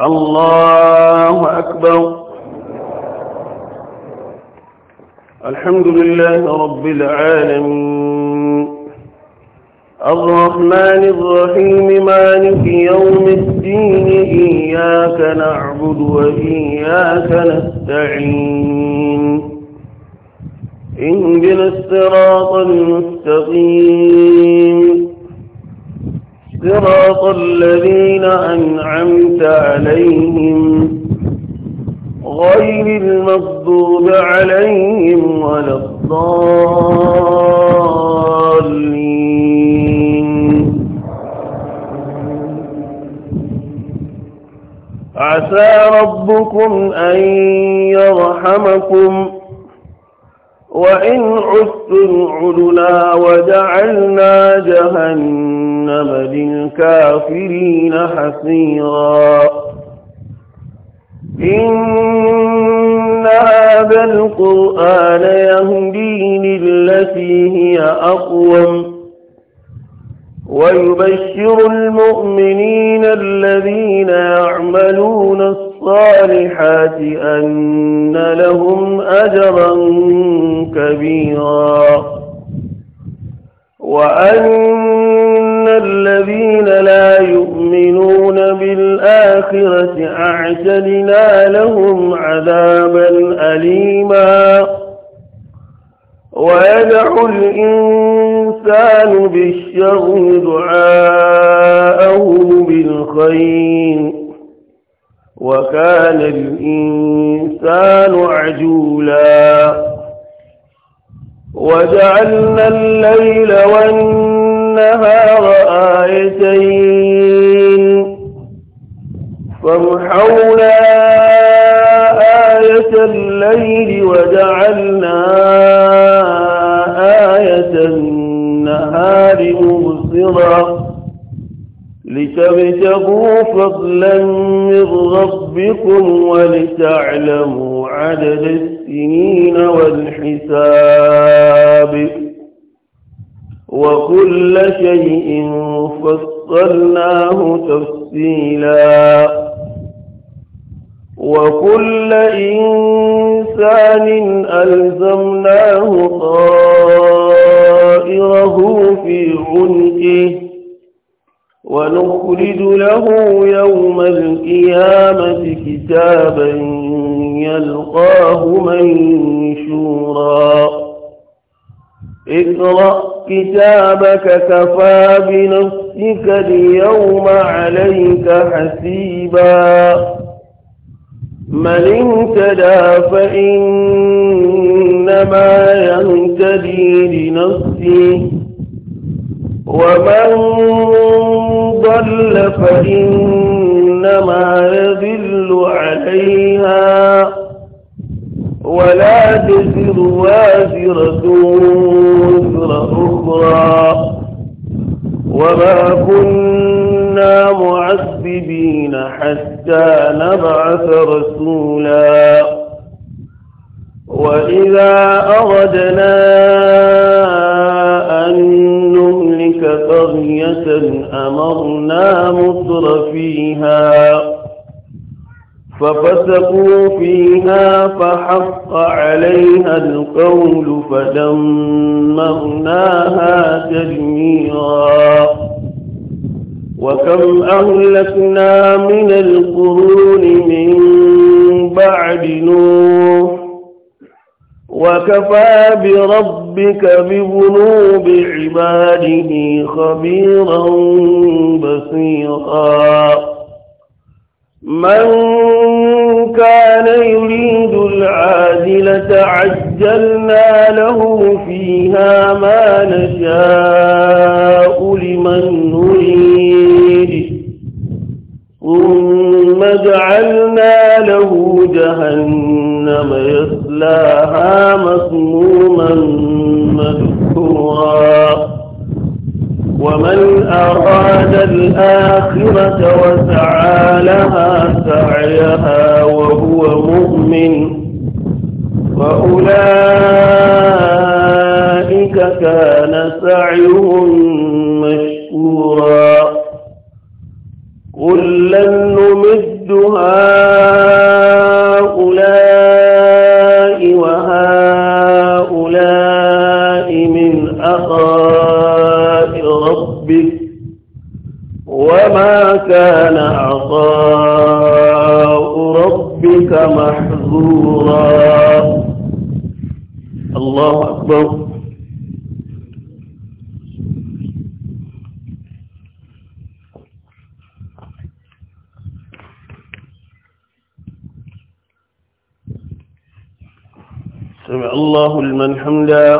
الله أكبر الحمد لله رب العالمين الرحمن الرحيم مالك يوم الدين إياك نعبد وإياك نستعين بنا الصراط المستقيم صراط الذين أنعمت عليهم غير المغضوب عليهم ولا الضالين عسى ربكم أن يرحمكم وإن عدتم عدنا وجعلنا جهنم للكافرين حصيرا إن هذا القرآن يهدي للتي هي أقوم ويبشر المؤمنين الذين يعملون الصلاة الصالحات أن لهم أجرا كبيرا وأن الذين لا يؤمنون بالآخرة أعتدنا لهم عذابا أليما ويدعو الإنسان بالشر دعاءه بالخير وكان الإنسان عجولا وجعلنا الليل والنهار آيتين فمحونا آية الليل وجعلنا آية النهار مبصرا لتبتغوا فضلا من ربكم ولتعلموا عدد السنين والحساب وكل شيء فصلناه تفصيلا وكل إنسان ألزمناه طائره في عنقه ونخرج له يوم القيامة كتابا يلقاه منشورا اقرأ كتابك كفى بنفسك اليوم عليك حسيبا من انتدى فإنما يهتدي لنفسه ومن ضل فإنما يذل عليها ولا تزر وازرة وزر أخرى وما كنا معذبين حتى نبعث رسولا وإذا أردنا أن قرية أمرنا مطر فيها ففسقوا فيها فحق عليها القول فدمرناها تدميرا وكم أهلكنا من القرون من بعد نوح وكفى بربك بذنوب عباده خبيرا بصيرا من كان يريد العادلة عجلنا له فيها ما نشاء لمن نريد ثم جعلنا له جهنم جهنم يسلاها مسموما مذكورا ومن أراد الآخرة وسعى لها سعيها وهو مؤمن فأولئك كان سعيهم مشكورا قل لن نمد هؤلاء ربه وما كان عطاء ربك محظورا الله أكبر سمع الله لمن حمده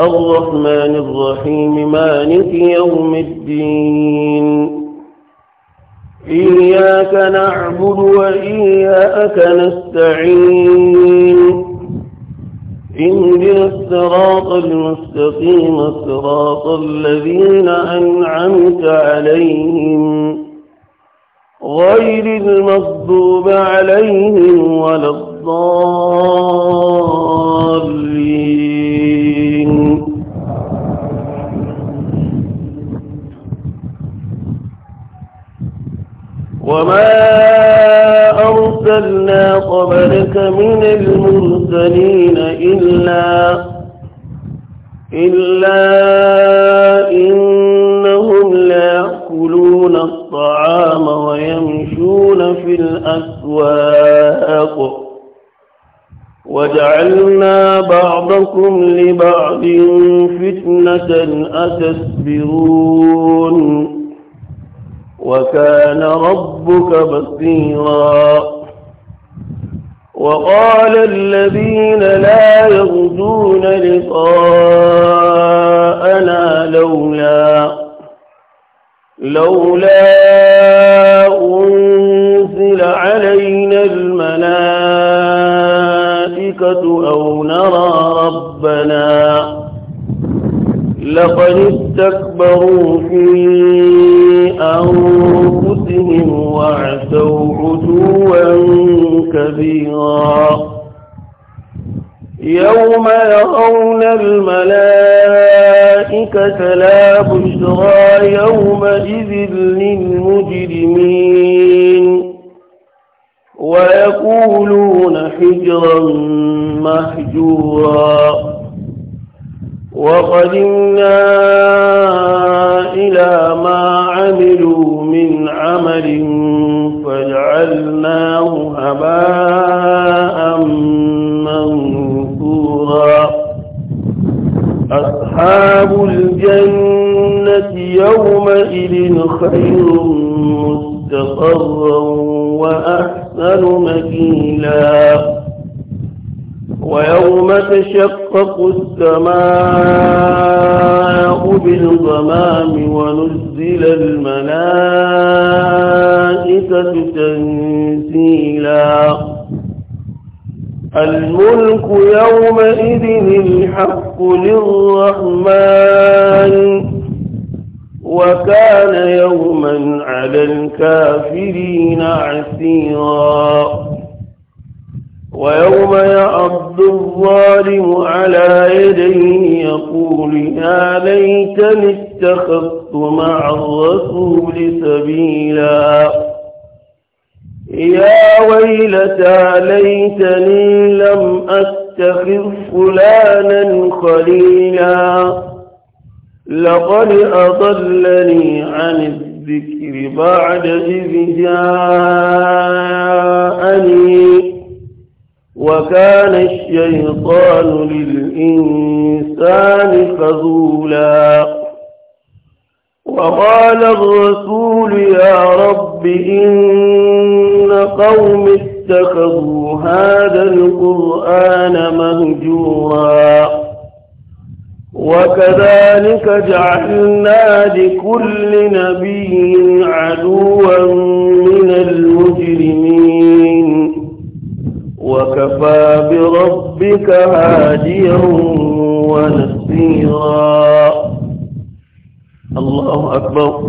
الرحمن الرحيم مالك يوم الدين إياك نعبد وإياك نستعين اهدنا الصراط المستقيم صراط الذين أنعمت عليهم غير المصدوب عليهم ولا الضالين وما أرسلنا قبلك من المرسلين إلا إلا إنهم لا يأكلون الطعام ويمشون في الأسواق وجعلنا بعضكم لبعض فتنة أتسبرون وكان ربك بصيرا وقال الذين لا يرجون لقاءنا لولا لولا أنزل علينا الملائكة أو نرى ربنا لقد استكبروا في يوم يرون الملائكة لا بشرى يومئذ للمجرمين ويقولون حجرا محجورا وقدمنا إلى ما عملوا من عمل فجعلناه هباء يومئذ خير مستقرا وأحسن مكيلا ويوم تشقق السماء بالغمام ونزل الملائكة تنزيلا الملك يومئذ الحق للرحمن وكان يوما على الكافرين عسيرا ويوم يعض الظالم على يديه يقول يا ليتني اتخذت مع الرسول سبيلا يا ويلتى ليتني لم أتخذ فلانا خليلا لقد أضلني عن الذكر بعد إذ جاءني وكان الشيطان للإنسان خذولا وقال الرسول يا رب إن قوم اتخذوا هذا القرآن مهجوراً وكذلك جعلنا لكل نبي عدوا من المجرمين وكفى بربك هاديا ونصيرا الله أكبر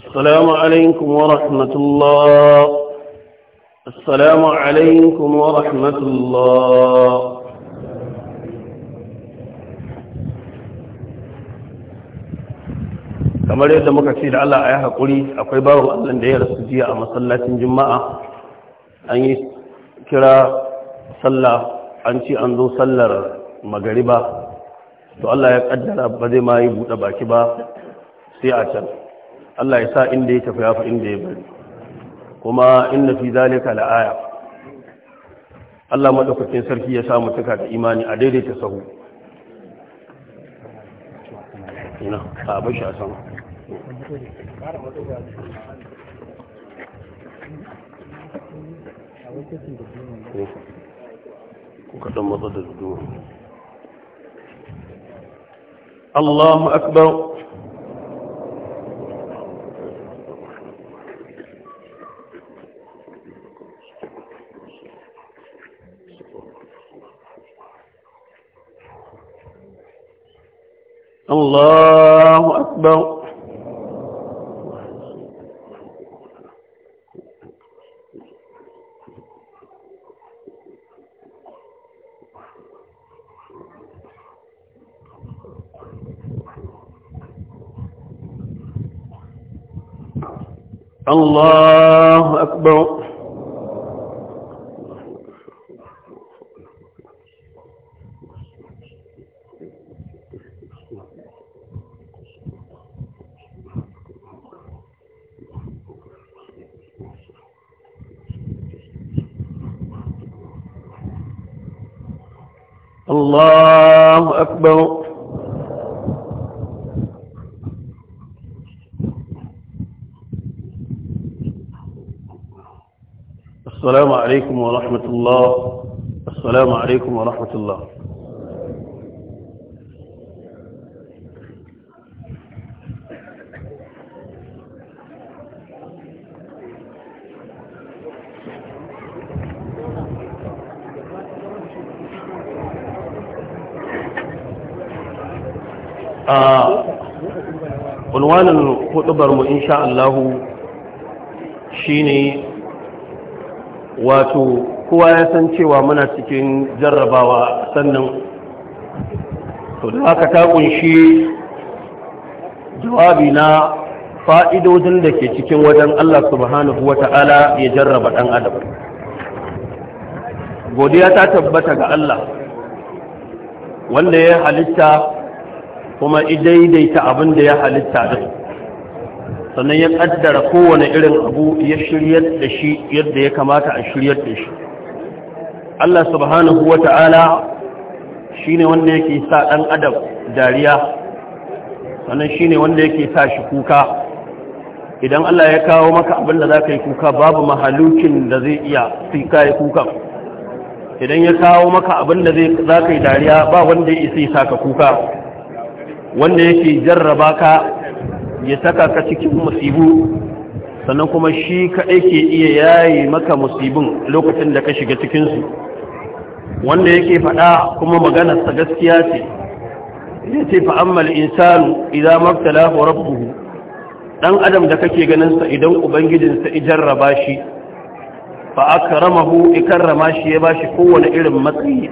السلام عليكم ورحمة الله السلام عليكم ورحمة الله kamar yadda muka ce da Allah a yi haƙuri akwai babu Allah da ya rasu jiya a masallacin juma'a an yi kira sallah an ci an zo sallar magariba to Allah ya ƙaddara ba zai ma yi buɗe baki ba sai a can Allah ya sa inda ya tafi ya fi inda ya bari kuma inna fi zalika la'aya Allah madaukakin sarki ya sa mutuka da imani a daidaita sahu ina a bashi a sama kuka dan matsa da dudu Allahu akbar الله أكبر الله أكبر الله أكبر السلام عليكم ورحمة الله السلام عليكم ورحمة الله Unwanin huɗubarmu mu insha Allahu shine wato kowa ya san cewa muna cikin jarrabawa sannan to da haka ta kunshi jawabi na fa'idodin da ke cikin wajen Allah subhanahu ta'ala ya jarraba ɗan adam godiya ta tabbata ga Allah wanda ya halitta kuma daidaita abin da ya halitta din sannan ya kaddara kowane irin abu ya shiryar da shi yadda ya kamata a shiryar da shi Allah subhanahu wa ta'ala shi ne wanda yake sa ɗan adam dariya sannan shi ne wanda yake sa shi kuka idan Allah ya kawo maka abin da za ka yi kuka babu mahalukin da zai iya sai ka yi idan ya kawo maka abin da za ka yi dariya ba wanda ya isa ka kuka wanda yake jarraba ka ya saka ka cikin musibu sannan kuma shi kaɗai ke iya yayi maka musibin lokacin da ka shiga cikinsu wanda yake faɗa kuma maganarsa gaskiya ce ya ce fa'ammal insanu idan maktala rabbuhu ɗan adam da kake ganinsa idan ubangijinsa ijarraba shi fa'akaramahu ikarrama shi ya ba shi kowane irin matsayi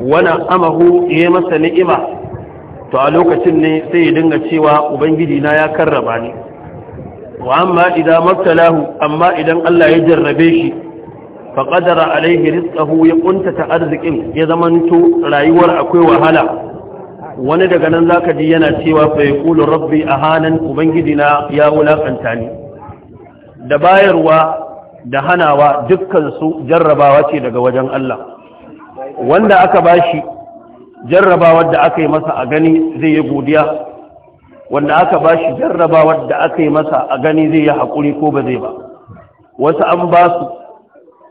wana amahu ya masa ni'ima to a lokacin ne sai ya dinga cewa ubangiji na ya karraba ni wa amma idan amma idan Allah ya jarrabe shi fa qadara alaihi rizqahu ya ƙuntata arzikin ya zamanto rayuwar akwai wahala wani daga nan zaka ji yana cewa fa yaqulu rabbi ahanan ubangiji na ya wulakanta ni da bayarwa da hanawa dukkan su jarrabawa ce daga wajen Allah wanda aka bashi jarrabawar da aka yi masa a gani zai yi godiya wanda aka ba shi jarrabawar da aka yi masa a gani zai yi haƙuri ko ba zai ba wasu an ba su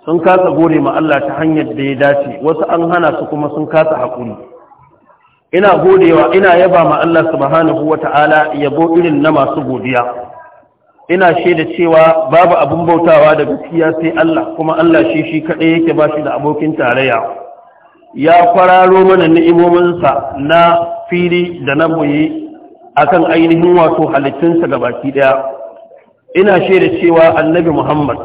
sun kasa gore ma Allah ta hanyar da ya dace wasu an hana su kuma sun kasa haƙuri ina godewa ina yaba ma Allah subhanahu wata'ala yabo irin na masu godiya ina shaida cewa babu abin bautawa da gaskiya sai Allah kuma Allah shi shi kaɗai yake ba shi da abokin tarayya ya kwararo mana ni'imominsa na fili da na boye akan ainihin wato halittunsa ga baki daya ina shaida cewa annabi muhammad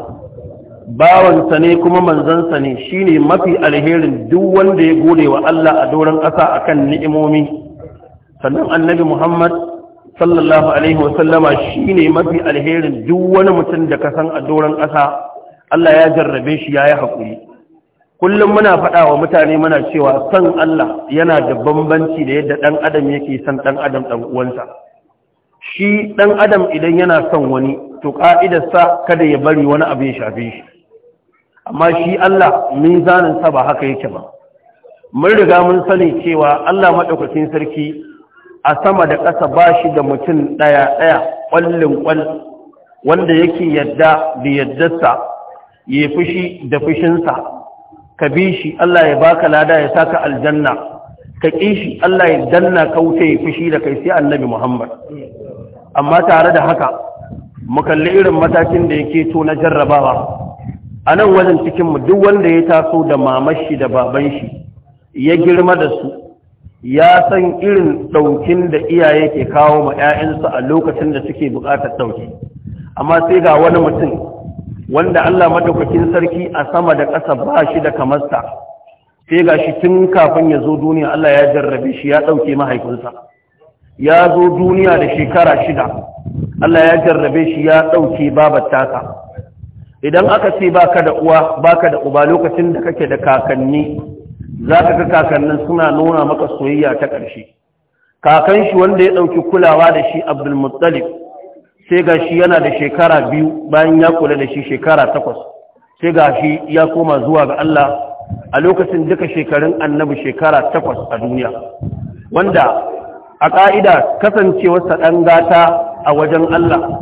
bawansa ne kuma manzansa ne shine mafi alherin duk wanda ya gode wa allah a doron ƙasa akan ni'imomi sannan annabi muhammad sallallahu alaihi wasallama shine mafi alherin duk wani mutum da ka san a doron ƙasa allah ya jarrabe shi ya yi haƙuri kullum muna faɗa wa mutane muna cewa son Allah yana da bambanci da yadda ɗan adam yake son ɗan adam ɗan uwansa shi ɗan adam idan yana son wani to ƙa'idarsa kada ya bari wani abu ya shafe shi amma shi Allah mizaninsa ba haka yake ba mun riga mun sani cewa Allah maɗaukacin sarki a sama da ƙasa ba shi da mutum ɗaya-ɗaya ƙwallin ƙwal wanda yake yadda da yaddarsa ya fushi da fushinsa ka bi shi Allah ya baka lada ya saka aljanna ka ki shi Allah ya danna ka wuce ya fushi da kai sai annabi Muhammad amma tare da haka mu kalli irin matakin da yake to na jarrabawa Anan wajen cikin mu duk wanda ya taso da mamashi da baban shi ya girma da su ya san irin ɗaukin da iyaye ke kawo ma 'ya'yansu a lokacin da suke buƙatar ɗauki amma sai ga wani mutum wanda Allah madaukakin sarki a sama da ƙasa ba shi da kamarsa sai ga shi tun kafin ya zo duniya Allah ya jarrabe shi ya ɗauke mahaifinsa ya zo duniya da shekara shida Allah ya jarrabe shi ya ɗauke babar taka idan aka ce baka da uwa baka da uba lokacin da kake da kakanni za ka ga kakannin suna nuna maka soyayya ta ƙarshe kakan shi wanda ya ɗauki kulawa da shi abdulmuttalib sai ga shi yana da shekara biyu bayan ya kula da shi shekara takwas sai ga shi ya koma zuwa ga Allah a lokacin duka shekarun annabi shekara takwas a duniya wanda a ƙa'ida kasancewarsa ɗan gata a wajen Allah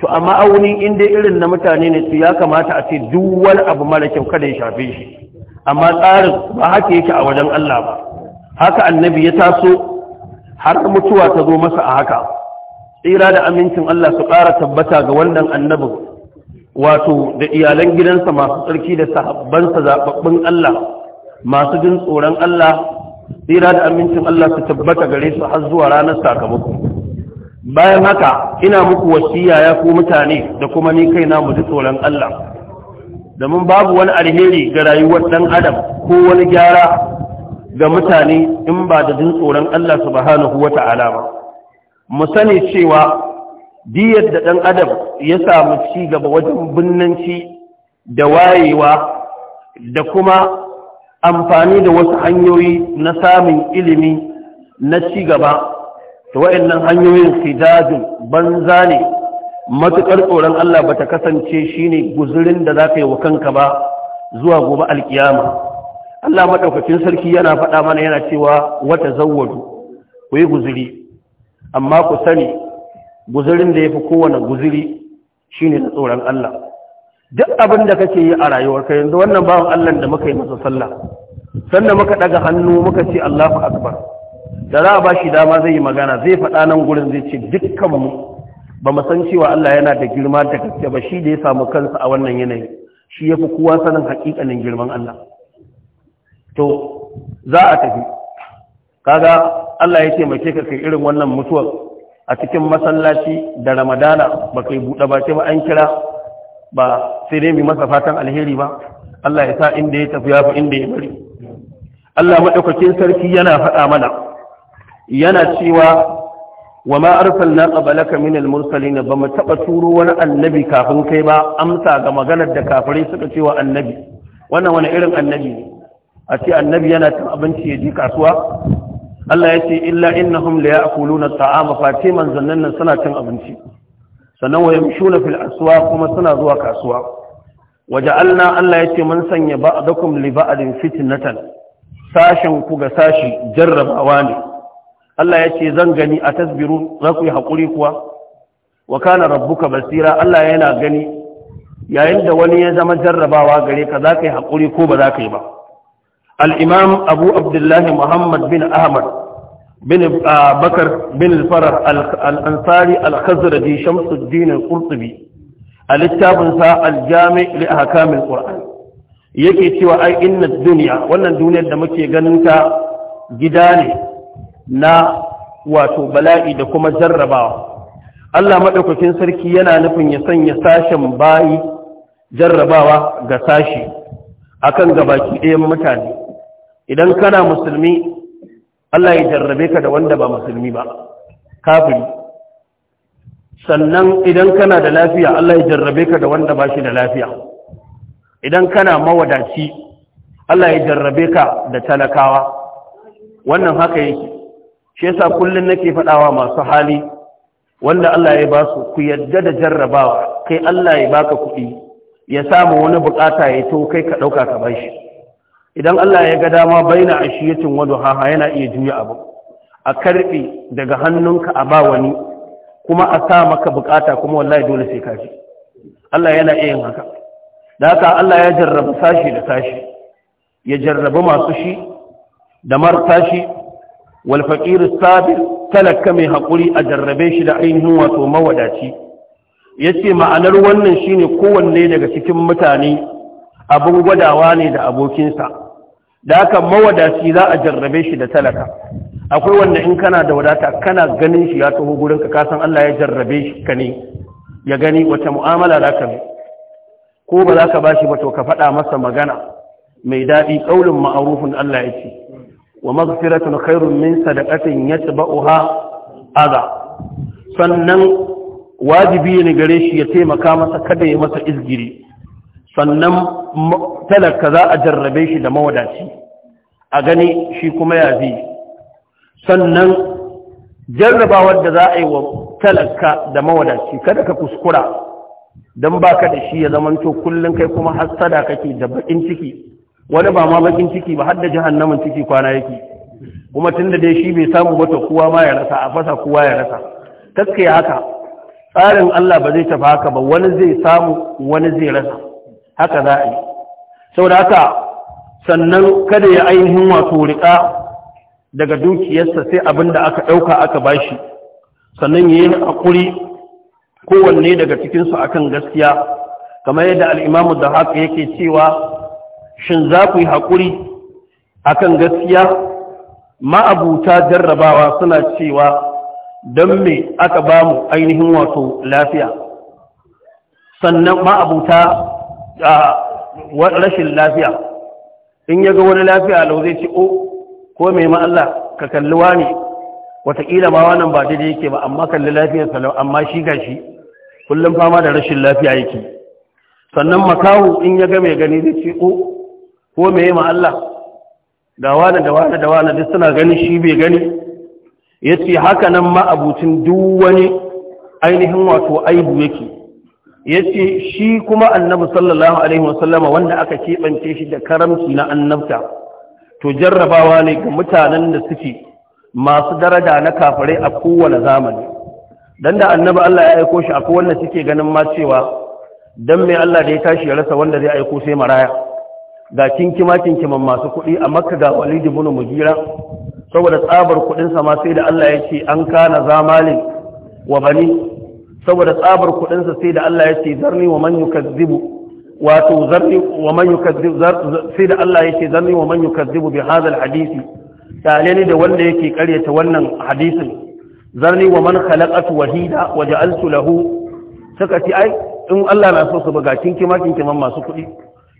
to amma auni in dai irin na mutane ne su ya kamata a ce duk wani abu mara kyau kada ya shafe shi amma tsarin ba haka yake a wajen Allah ba haka annabi ya taso har mutuwa ta zo masa a haka tsira da amincin Allah su ƙara tabbata ga wannan annabin wato da iyalan gidansa masu tsarki da sahabbansa zaɓaɓɓun Allah masu jin tsoron Allah tsira da amincin Allah su tabbata gare su har zuwa ranar sakamako bayan haka ina muku wasiya ya ku mutane da kuma ni kai mu ji tsoron Allah domin babu wani alheri ga rayuwar ɗan adam ko wani gyara ga mutane in ba da jin tsoron Allah subhanahu wa ta'ala ba mu sani cewa diyar da ɗan adam ya samu ci gaba wajen binnanci da wayewa da kuma amfani da wasu hanyoyi na samun ilimi na ci gaba ta wa'annan hanyoyin sidajin banza ne matuƙar tsoron Allah ba ta kasance shi ne guzurin da za ka yi wa kanka ba zuwa gobe alƙiyama. Allah maɗaukacin sarki yana faɗa mana yana cewa wata zawwadu ku yi guzuri amma ku sani guzurin da ya fi kowane guziri shi ne tsoron Allah duk abin da kake yi a rayuwar rayuwarka yanzu wannan bawan Allah da muka yi masa sallah sannan muka ɗaga hannu muka ce Allahu akbar da za a ba shi dama zai yi magana zai faɗa nan gurin zai ce dukkanmu ba mu san cewa Allah yana da girma da gaske ba shi da ya samu kansa a wannan yanayi shi ya fi kowa sanin haƙiƙanin girman Allah to za a tafi kaga Allah ya taimake ka kai irin wannan mutuwar a cikin masallaci da ramadana ba kai buɗe ba ce ba an kira ba sai dai mai masa fatan alheri ba Allah ya sa inda ya tafi ya inda ya bari Allah maɗaukakin sarki yana faɗa mana yana cewa wa ma arsalna qablaka min al-mursalin ba mu taɓa turo wani annabi kafin kai ba amsa ga maganar da kafirai suka cewa annabi wannan wani irin annabi ne a ce annabi yana cin abinci ya je kasuwa Allah ya ce illa ya la ya'kuluna na taama fati manzannan nan suna cin abinci sannan wa yamshuna fil kuma suna zuwa kasuwa waja'alna Allah ya ce mun sanya ba'dakum li ba'din fitnatan sashin ku ga sashi jarrabawa ne Allah ya ce zan gani a tasbiru za ku yi hakuri kuwa wa kana rabbuka basira Allah yana gani yayin da wani ya zama jarrabawa gare ka za ka yi hakuri ko ba za ka yi ba الإمام أبو عبد الله محمد بن أحمد بن بكر بن الفرح الأنصاري الخزرجي شمس الدين القرطبي الكتاب الجامع لأحكام القرآن yake cewa ai inna duniya wannan duniyar da muke ganin ta gida ne na wato bala'i da kuma jarrabawa Allah madaukakin sarki yana nufin ya sanya sashen bayi jarrabawa ga sashi akan gabaki ɗayan mutane idan kana musulmi Allah ya jarrabe ka da wanda ba musulmi ba kafiri sannan idan kana da lafiya Allah ya jarrabe ka da wanda ba shi da lafiya idan kana mawadaci Allah ya jarrabe ka da talakawa wannan haka yake shi yasa kullun nake faɗawa masu hali wanda Allah ya ba su ku yadda da jarrabawa kai Allah ya baka kuɗi ya samu wani bukata ya to kai ka ɗauka ka bashi idan Allah ya ga dama baina ashiyatin wadu haha yana iya juya abu a karbe daga hannunka a ba wani kuma a sa maka bukata kuma wallahi dole sai kaji Allah yana iya yin haka da haka Allah ya jarrabu sashi da sashi ya jarrabu masu shi da mar wal faqir sabir talaka mai hakuri a jarrabe shi da ainihin wato mawadaci yace ma'anar wannan shine kowanne daga cikin mutane abin gwadawa ne da abokinsa da aka mawadaci za a jarrabe shi da talaka akwai wanda in kana da wadata kana ganin shi ya taho gurin ka kasan Allah ya jarrabe shi ka ne ya gani wata mu'amala za ka ko ba za ka ba shi ba to ka faɗa masa magana mai daɗi ƙaunin ma'arufin Allah ya ce wa maghfiratun khairun min sadaqatin yatba'uha adha sannan wajibi ne gare shi ya taimaka masa kada ya masa izgiri sannan talaka za a jarrabe shi da mawadaci a gani shi kuma ya zai sannan jarrabawar da za a yi wa talaka da mawadaci kada ka kuskura don ba ka da shi ya zamanto kullum kai kuma hassada kake da bakin ciki wani ba ma bakin ciki ba har da jahannamin ciki kwana yake kuma tun da dai shi bai samu wata kowa ma ya rasa a fasa kowa ya rasa kaske haka tsarin Allah ba zai tafi haka ba wani zai samu wani zai rasa haka za a yi saboda haka sannan kada ya ainihin wato riƙa daga dukiyarsa sai abin da aka ɗauka aka ba shi, sannan ya yi haƙuri kowanne daga cikinsu akan gaskiya kamar yadda al'imamu da haka yake cewa shin za ku yi haƙuri akan gaskiya ma'abuta jarrabawa suna cewa don me aka ba mu ainihin wato lafiya sannan ma'abuta A rashin lafiya in ya ga wani lafiya a zai ce o oh, ko mai ma ka kalli wani wataƙila ma wannan ba daidai yake ba amma kalli lafiyarsa lau amma shi ga shi kullum fama da rashin lafiya yake sannan makawu in ya ga mai gani zai ce o oh, ko mai ma Allah da wani da wani da wani duk suna gani shi bai gani ya ce haka nan ma abucin duk wani ainihin wato aibu yake ya ce shi kuma annabi sallallahu alaihi wasallama wanda aka keɓance shi da karamci na annabta to jarrabawa ne ga mutanen da suke masu daraja na kafirai a kowane zamani dan da annabi Allah ya aiko shi akwai wanda suke ganin ma cewa dan mai Allah da ya tashi ya rasa wanda zai aiko sai maraya ga kinkima kinkiman masu kuɗi a makka ga bunu mu gira saboda tsabar kuɗinsa ma sai da Allah ya ce an kana zamalin wa bani saboda tsabar kuɗinsa sai da Allah ya ce zarni wa man yukazzibu wato zarni wa man yukazzibu sai da Allah ya ce zarni wa man yukazzibu bi hadha hadisi tale ne da wanda yake karyata wannan hadisin zarni wa man khalaqatu wahida wa ja'altu lahu suka ai in Allah na so su buga kinkima kinkiman masu kuɗi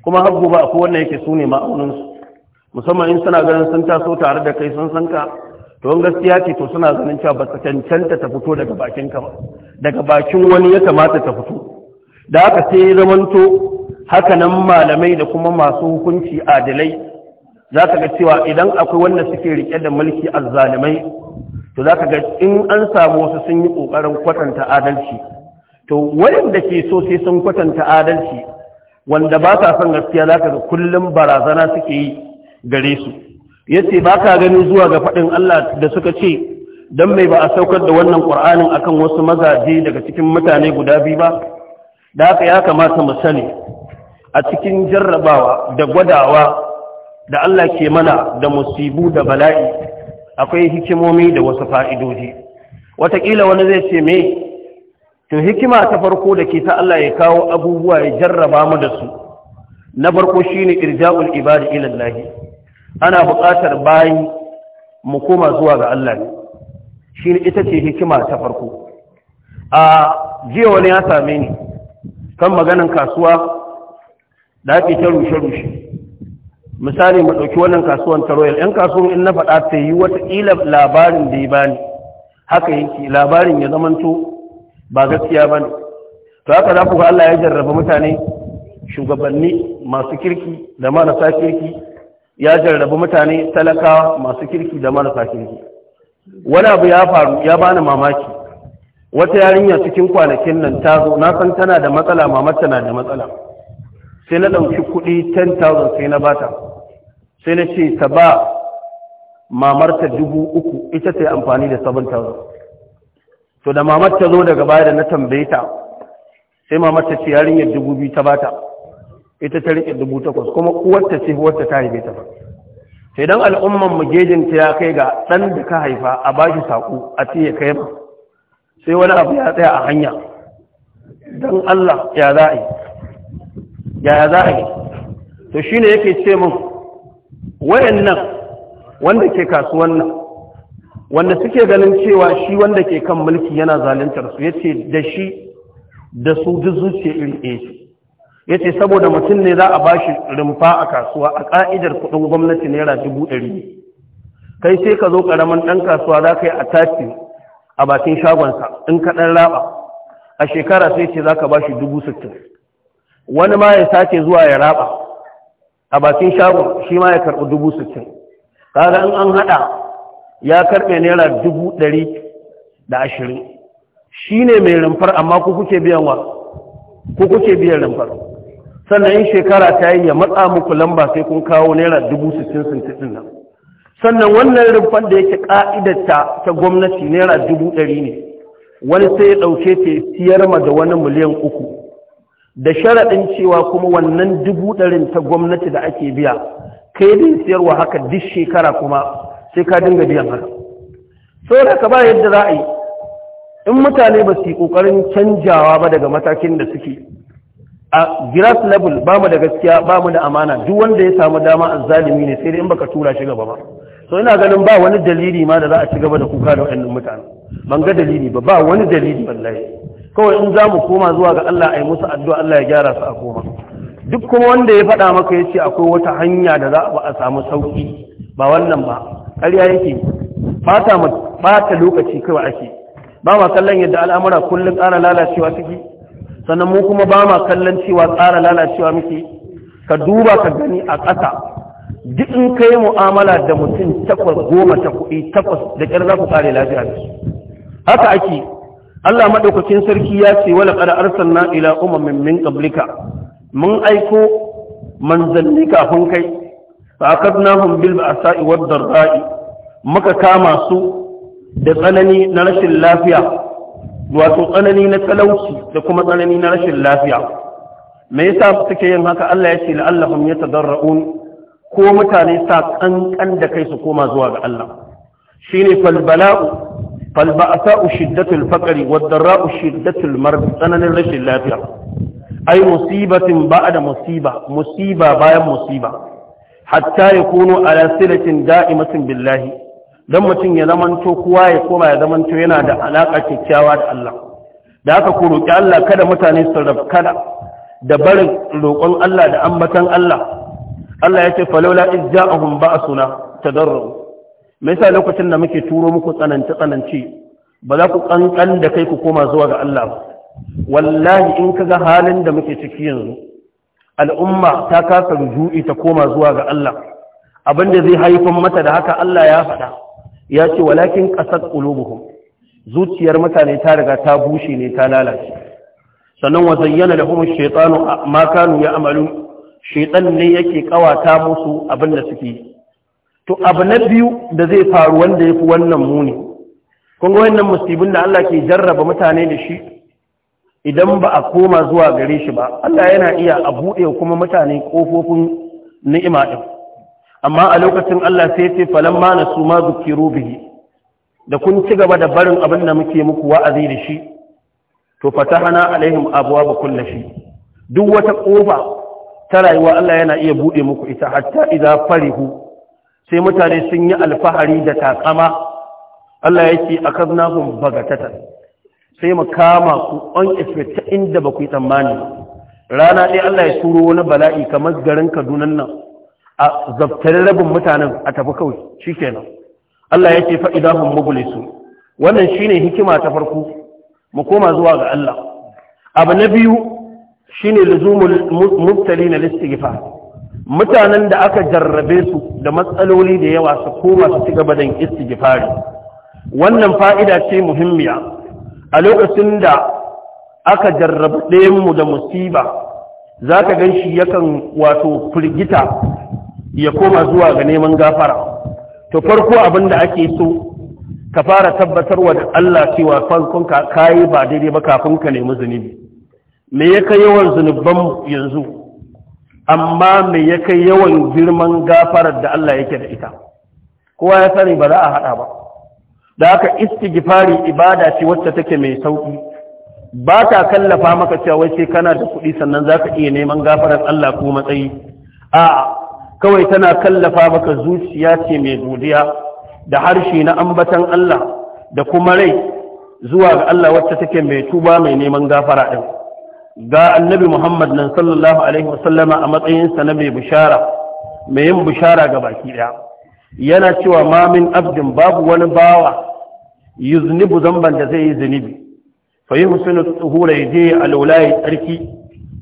kuma har gobe akwai wanda yake sune ma'aunin su musamman in suna ganin sun taso tare da kai sun san ka don gaskiya ce to suna zanen cewa ba cancanta ta fito daga bakin ka ba daga bakin wani ya kamata ta fito da haka sai zamanto hakanan malamai da kuma masu hukunci adalai za ka ga cewa idan akwai wanda suke rike da mulki azzalimai to za ka ga in an samu wasu sun yi ƙoƙarin kwatanta adalci to waɗanda ke so sai sun kwatanta adalci wanda ba sa son gaskiya za ka ga kullum barazana suke yi gare su yace ba ka gani zuwa ga faɗin Allah da suka ce don mai ba a saukar da wannan ƙur'anin akan wasu mazaje daga cikin mutane guda biyu ba da haka ya kamata mu sani a cikin jarrabawa da gwadawa da Allah ke mana da musibu da bala'i akwai hikimomi da wasu fa'idoji wataƙila wani zai ce me to hikima ta farko da ke ta Allah ya kawo abubuwa ya jarraba mu da su na farko shine irja'ul ibadi ila Allah ana buƙatar bayi mu koma zuwa ga Allah ne shi ita ce hikima ta farko a jiya wani ya same ni kan maganan kasuwa da ake ta rushe-rushe misali mu ɗauki wannan kasuwan ta royal 'yan kasuwan in na faɗa ta yi watakila labarin da ya bani haka yake labarin ya zamanto ba gaskiya ba ne to haka za ku ga Allah ya jarraba mutane shugabanni masu kirki da marasa kirki ya jarrabu mutane talaka, masu kirki da marasa kirki wani abu ya faru ya bani mamaki wata yarinya cikin kwanakin nan ta zo na san tana da matsala mamar tana da matsala sai na ɗauki kuɗi 10,000 sai na bata sai na ce ta ba mamarta dubu uku ita ta yi amfani da 7,000 to da mamar ta zo daga baya da na tambaye ta sai mamar ta ce yarinyar dubu biyu ta bata ita ta riƙe dubu takwas kuma uwarta ce uwarta ta haife ta ba sai dan al'umman mu gejinta ya kai ga ɗan da ka haifa a bashi saƙo a ce ya kai ba sai wani abu ya tsaya a hanya don Allah ya za a yi ya za a yi to shine ne yake ce min wayan nan wanda ke kasuwan nan wanda suke ganin cewa shi wanda ke kan mulki yana zaluntar su ya ce da shi da su duk zuciya iri ɗaya ya ce saboda mutum ne za a ba shi rumfa a kasuwa a ƙa'idar kuɗin gwamnati naira dubu ɗari kai sai ka zo ƙaramin ɗan kasuwa za ka yi a tafi a bakin shagonsa in ka ɗan raba a shekara sai ce za ka ba shi dubu sittin wani ma ya sake zuwa ya raba a bakin shagon shi ma ya karɓi dubu sittin kaga in an haɗa ya karɓe naira dubu ɗari da ashirin shi ne mai rumfar amma ku kuke biyan wa ku kuke biyan rumfar sannan in shekara ta yi ya matsa muku lamba sai kun kawo naira dubu sittin sittin nan sannan wannan rumfan da yake ka'idata ta gwamnati naira dubu ɗari ne wani sai ya ɗauke ta siyar ma da wani miliyan uku da sharaɗin cewa kuma wannan dubu ɗarin ta gwamnati da ake biya Ka kai siyar siyarwa haka duk shekara kuma sai ka dinga biyan haka da ka ba yadda za a yi in mutane ba su yi ƙoƙarin canjawa ba daga matakin da suke a grass level ba mu da gaskiya ba mu da amana duk wanda ya samu dama a zalimi ne sai dai in baka tura shi gaba ba so ina ganin ba wani dalili ma da za a ci gaba da kuka da wayannan mutane ban ga dalili ba ba wani dalili wallahi kawai in za mu koma zuwa ga Allah ai musu addu'a Allah ya gyara su a koma duk kuma wanda ya faɗa maka ya ce akwai wata hanya da za a samu sauki ba wannan ba ƙarya yake fata mu ɓata lokaci kawai ake ba ma kallon yadda al'amura kullum ƙara lalacewa take sannan mu kuma ba ma kallon cewa tsara lalacewa muke ka duba ka gani a ƙasa duk in ka yi mu'amala da mutum takwas goma ta kuɗi takwas da ƙyar za ku tsara lafiya da haka ake Allah maɗaukacin sarki ya ce wala ƙada na ila kuma min ƙablika mun aiko manzanni kafin kai fa akadnahum bil a wad ra'i muka kama su da tsanani na rashin lafiya wato tsanani na talauci da kuma tsanani na rashin lafiya me yasa suke yin haka Allah ya ce la'allahum yatadarra'un ko mutane sa kankan da kai su koma zuwa ga Allah shine fal bala'u fal ba'sa'u shiddatul faqri wad darra'u shiddatul marad tsananin rashin lafiya ay musibatin ba'da musiba musiba bayan musiba hatta yakunu ala silatin da'imatin billahi don mutum ya zamanto kowa ya koma ya zamanto yana da alaƙa kyakkyawa da Allah da haka ku roƙi Allah kada mutane su kada, da barin roƙon Allah da ambatan Allah Allah ya ce falola izja'ahum ba'suna tadarru me yasa lokacin da muke turo muku tsananci tsananci ba za ku kankan da kai ku koma zuwa ga Allah ba wallahi in kaga halin da muke ciki yanzu al'umma ta kasa rujui ta koma zuwa ga Allah abinda zai haifar mata da haka Allah ya faɗa ya ce walakin ƙasar ƙulubuhun zuciyar mutane ta riga ta bushe ne ta lalace sannan wa zayyana da kuma shaitanu a makanu ya amalu shaitan ne yake kawata musu abin da suke yi to abu na biyu da zai faru wanda ya fi wannan muni kun ga wannan musibin da Allah ke jarraba mutane da shi idan ba a koma zuwa gare shi ba Allah yana iya a buɗe kuma mutane kofofin ni'ima ɗin amma a lokacin Allah sai ce ma na su ma zukiru bihi da kun ci gaba da barin abin da muke muku wa'azi da shi to fatahana alaihim ba kulla shi duk wata ƙofa ta rayuwa Allah yana iya bude muku ita hatta idza farihu sai mutane sun yi alfahari da takama Allah yake akaznahum bagatata. sai mu kama ku on expect inda ba ku yi tsammani rana ɗaya Allah ya turo wani bala'i kamar garin Kaduna nan a zabtare rabin mutanen a tafi kawai shi kenan Allah ya ce fa'idahun su. wannan shi ne hikima ta farko mu koma zuwa ga Allah abu na biyu shi ne luzumul mubtali na listigifa mutanen da aka jarrabe su da matsaloli da yawa su koma su ci gaba da istigifari wannan fa'ida ce muhimmiya a lokacin da aka jarrabe mu da musiba za ka gan shi yakan wato firgita ya koma zuwa ga neman gafara to farko abin da ake so ka fara tabbatarwa da Allah cewa farkon ka kayi ba daidai ba kafin ka nemi zunubi me ya kai yawan zunuban yanzu amma me ya kai yawan girman gafarar da Allah yake da ita kowa ya sani ba za a haɗa ba da haka gifari ibada ce wacce take mai sauƙi? ba ta kallafa maka cewa wai sai kana da kuɗi sannan za ka iya neman gafarar Allah ko matsayi A'a. kawai tana kallafa maka zuciya ce mai godiya da harshe na ambatan Allah da kuma rai zuwa ga Allah wacce take mai tuba mai neman gafara din. ga annabi Muhammad nan sallallahu alaihi wasallama a matsayinsa na mai bishara mai yin bishara ga baki ɗaya yana cewa ma min abdin babu wani bawa yuznibu zamban da zai yi zunubi fa yi husnu tuhura yaje alwala ya tsarki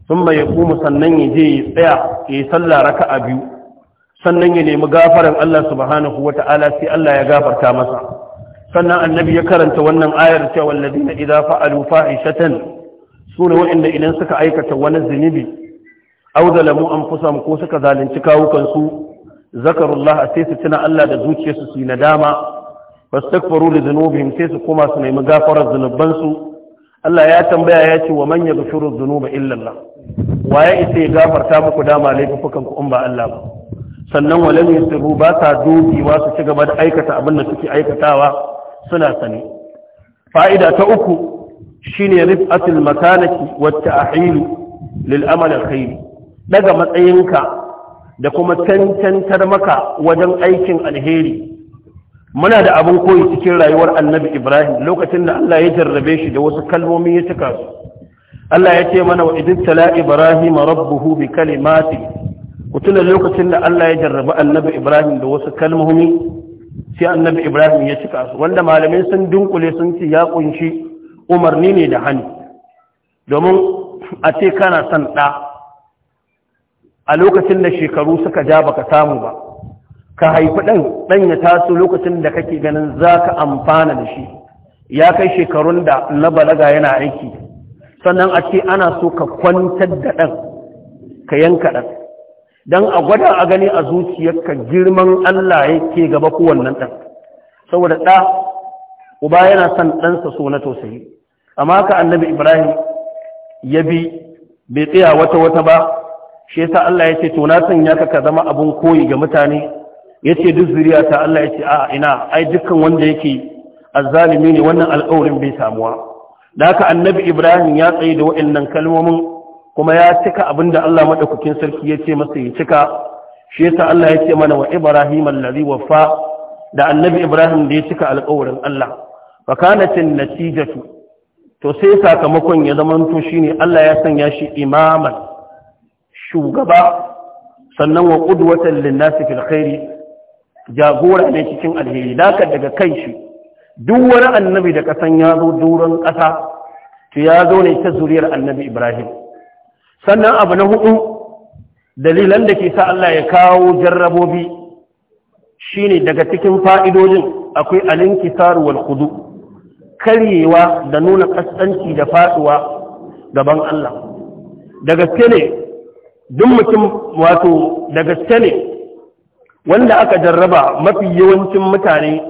thumma yaqumu sannan yaje ya tsaya ya sallah raka'a biyu sannan ya nemi gafaran Allah subhanahu wata'ala sai Allah ya gafarta masa sannan annabi ya karanta wannan ayar cewa na idza fa'alu Su sune wa'inda idan suka aikata wani zunubi Audalamu zalamu anfusahum ko suka zalunci kawukan su zakarullah sai su tuna Allah da zuciyarsu su yi nadama fastakbaru da dhunubihim sai su kuma su nemi gafarar zunubansu Allah ya tambaya ya ce wa man yaghfiru dhunuba illa Allah waye ya gafarta muku dama laifukan ku in ba Allah ba sannan walam yasiru ba sa dogewa su ci gaba da aikata abin da suke aikatawa suna sani fa'ida ta uku shine rif'atul makanati wa ta'hil lil amal alkhairi daga matsayinka da kuma tantantar maka wajen aikin alheri muna da abin koyi cikin rayuwar annabi ibrahim lokacin da Allah ya jarrabe shi da wasu kalmomi ya cika su Allah ya ce mana wa idin tala ibrahim rabbuhu bi kalimati ku tuna lokacin da Allah ya jarrabi annabi Ibrahim da wasu kalmomi sai annabi Ibrahim ya cika su wanda malamai sun dunkule sun ce ya kunshi umarni ne da hani domin a ce kana son ɗa a lokacin da shekaru suka ja baka samu ba ka haifi ɗan ɗan ya taso lokacin da kake ganin za ka amfana da shi ya kai shekarun da na balaga yana aiki sannan a ce ana so ka kwantar da ɗan ka yanka ɗan dan a gwada a gani a zuciyarka girman Allah yake gaba kowannan ɗan saboda ɗa uba yana son ɗansa so na tausayi amma ka annabi ibrahim ya bi bai tsaya wata wata ba shi yasa Allah ya ce to na sanya ka ka zama abun koyi ga mutane ya ce duk zuriya ta Allah ya ce a ina ai dukkan wanda yake azzalimi ne wannan alƙawarin bai samuwa da haka annabi ibrahim ya tsaye da waɗannan kalmomin kuma ya cika abin da Allah maɗaukakin sarki ya ce masa ya cika shi yasa Allah ya ce mana wa Ibrahim allazi wafa da annabi Ibrahim da ya cika alƙawarin Allah fa kanat natijatu to sai sakamakon ya zama shine Allah ya sanya shi imaman shugaba sannan wa qudwatan lin-nasi fil khairi jagora ne cikin alheri daka daga kai shi duk wani annabi da kasan ya zo duran ƙasa to ya zo ne ta zuriyar annabi Ibrahim sannan abu na hudu dalilan da ke sa Allah ya kawo jarrabobi shine daga cikin fa'idojin akwai alin wal khudu karyewa da nuna kasanci da faduwa gaban Allah daga gaske ne duk mutum wato daga gaske ne wanda aka jarraba mafi yawancin mutane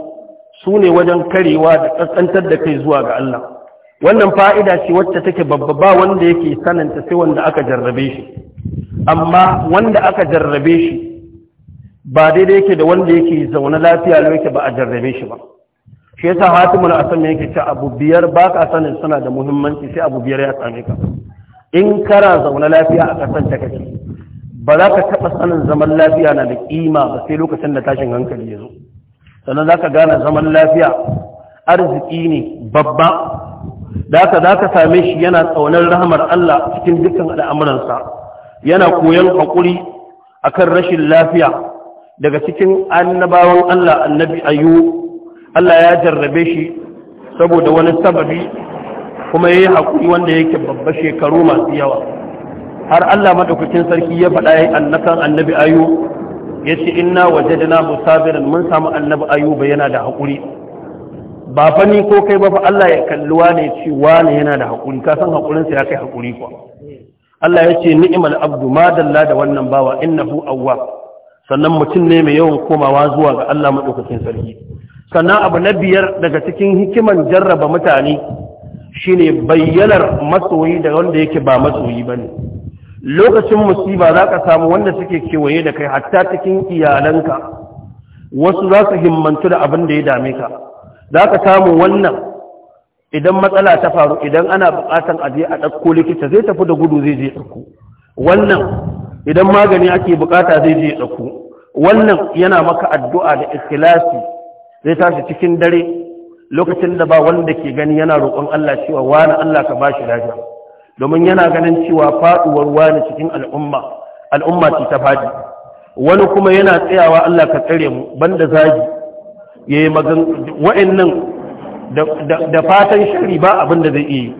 su ne wajen karyewa da kasantar da kai zuwa ga Allah wannan fa'ida ce wacce take babba ba wanda yake sananta sai wanda aka jarrabe shi amma wanda aka jarrabe shi ba daidai yake da wanda yake zaune lafiya yake ba a jarrabe shi ba shi yasa hatimul asam yake ce abu biyar ba ka sanin suna da muhimmanci sai abu biyar ya same ka in kana zaune lafiya a kasan ta kake ba za ka taɓa sanin zaman lafiya na da ƙima ba sai lokacin da tashin hankali ya zo sannan za ka gane zaman lafiya arziki ne babba da haka za ka same shi yana tsaunar rahmar Allah cikin dukkan al'amuransa yana koyon haƙuri akan rashin lafiya daga cikin annabawan Allah annabi ayu Allah ya jarrabe shi saboda wani sababi kuma ya yi haƙuri wanda yake babba shekaru masu yawa har Allah maɗaukakin sarki ya faɗa ya annakan annabi ayu ya ce inna na musabirin mun samu annabi ayu yana da haƙuri ba fa ni ko kai ba fa Allah ya kalli ne cewa wane yana da hakuri ka san hakurin sa ya kai hakuri kuwa Allah ya ce ni'mal abdu ma dalla da wannan bawa innahu awwa sannan mutum ne mai yawan komawa zuwa ga Allah madaukakin sarki sannan abu na biyar daga cikin hikiman jarraba mutane shine bayyanar masoyi da wanda yake ba masoyi bane lokacin musiba za ka samu wanda suke kewaye da kai hatta cikin iyalanka wasu za su himmantu da abin da ya dame ka za ka samu wannan idan matsala ta faru idan ana a aje a ɗauko likita zai tafi da gudu zai je ɗauko wannan idan magani ake bukata zai je ɗauko wannan yana maka addu'a da ikhlasi zai tashi cikin dare lokacin da ba wanda ke gani yana roƙon Allah cewa wani Allah ka bashi lafiya domin yana ganin cewa faɗuwar wani cikin al'umma al'umma ce ta faɗi wani kuma yana tsayawa Allah ka tsare mu banda zagi ya yi wa'annan da fatan shari ba abinda zai yi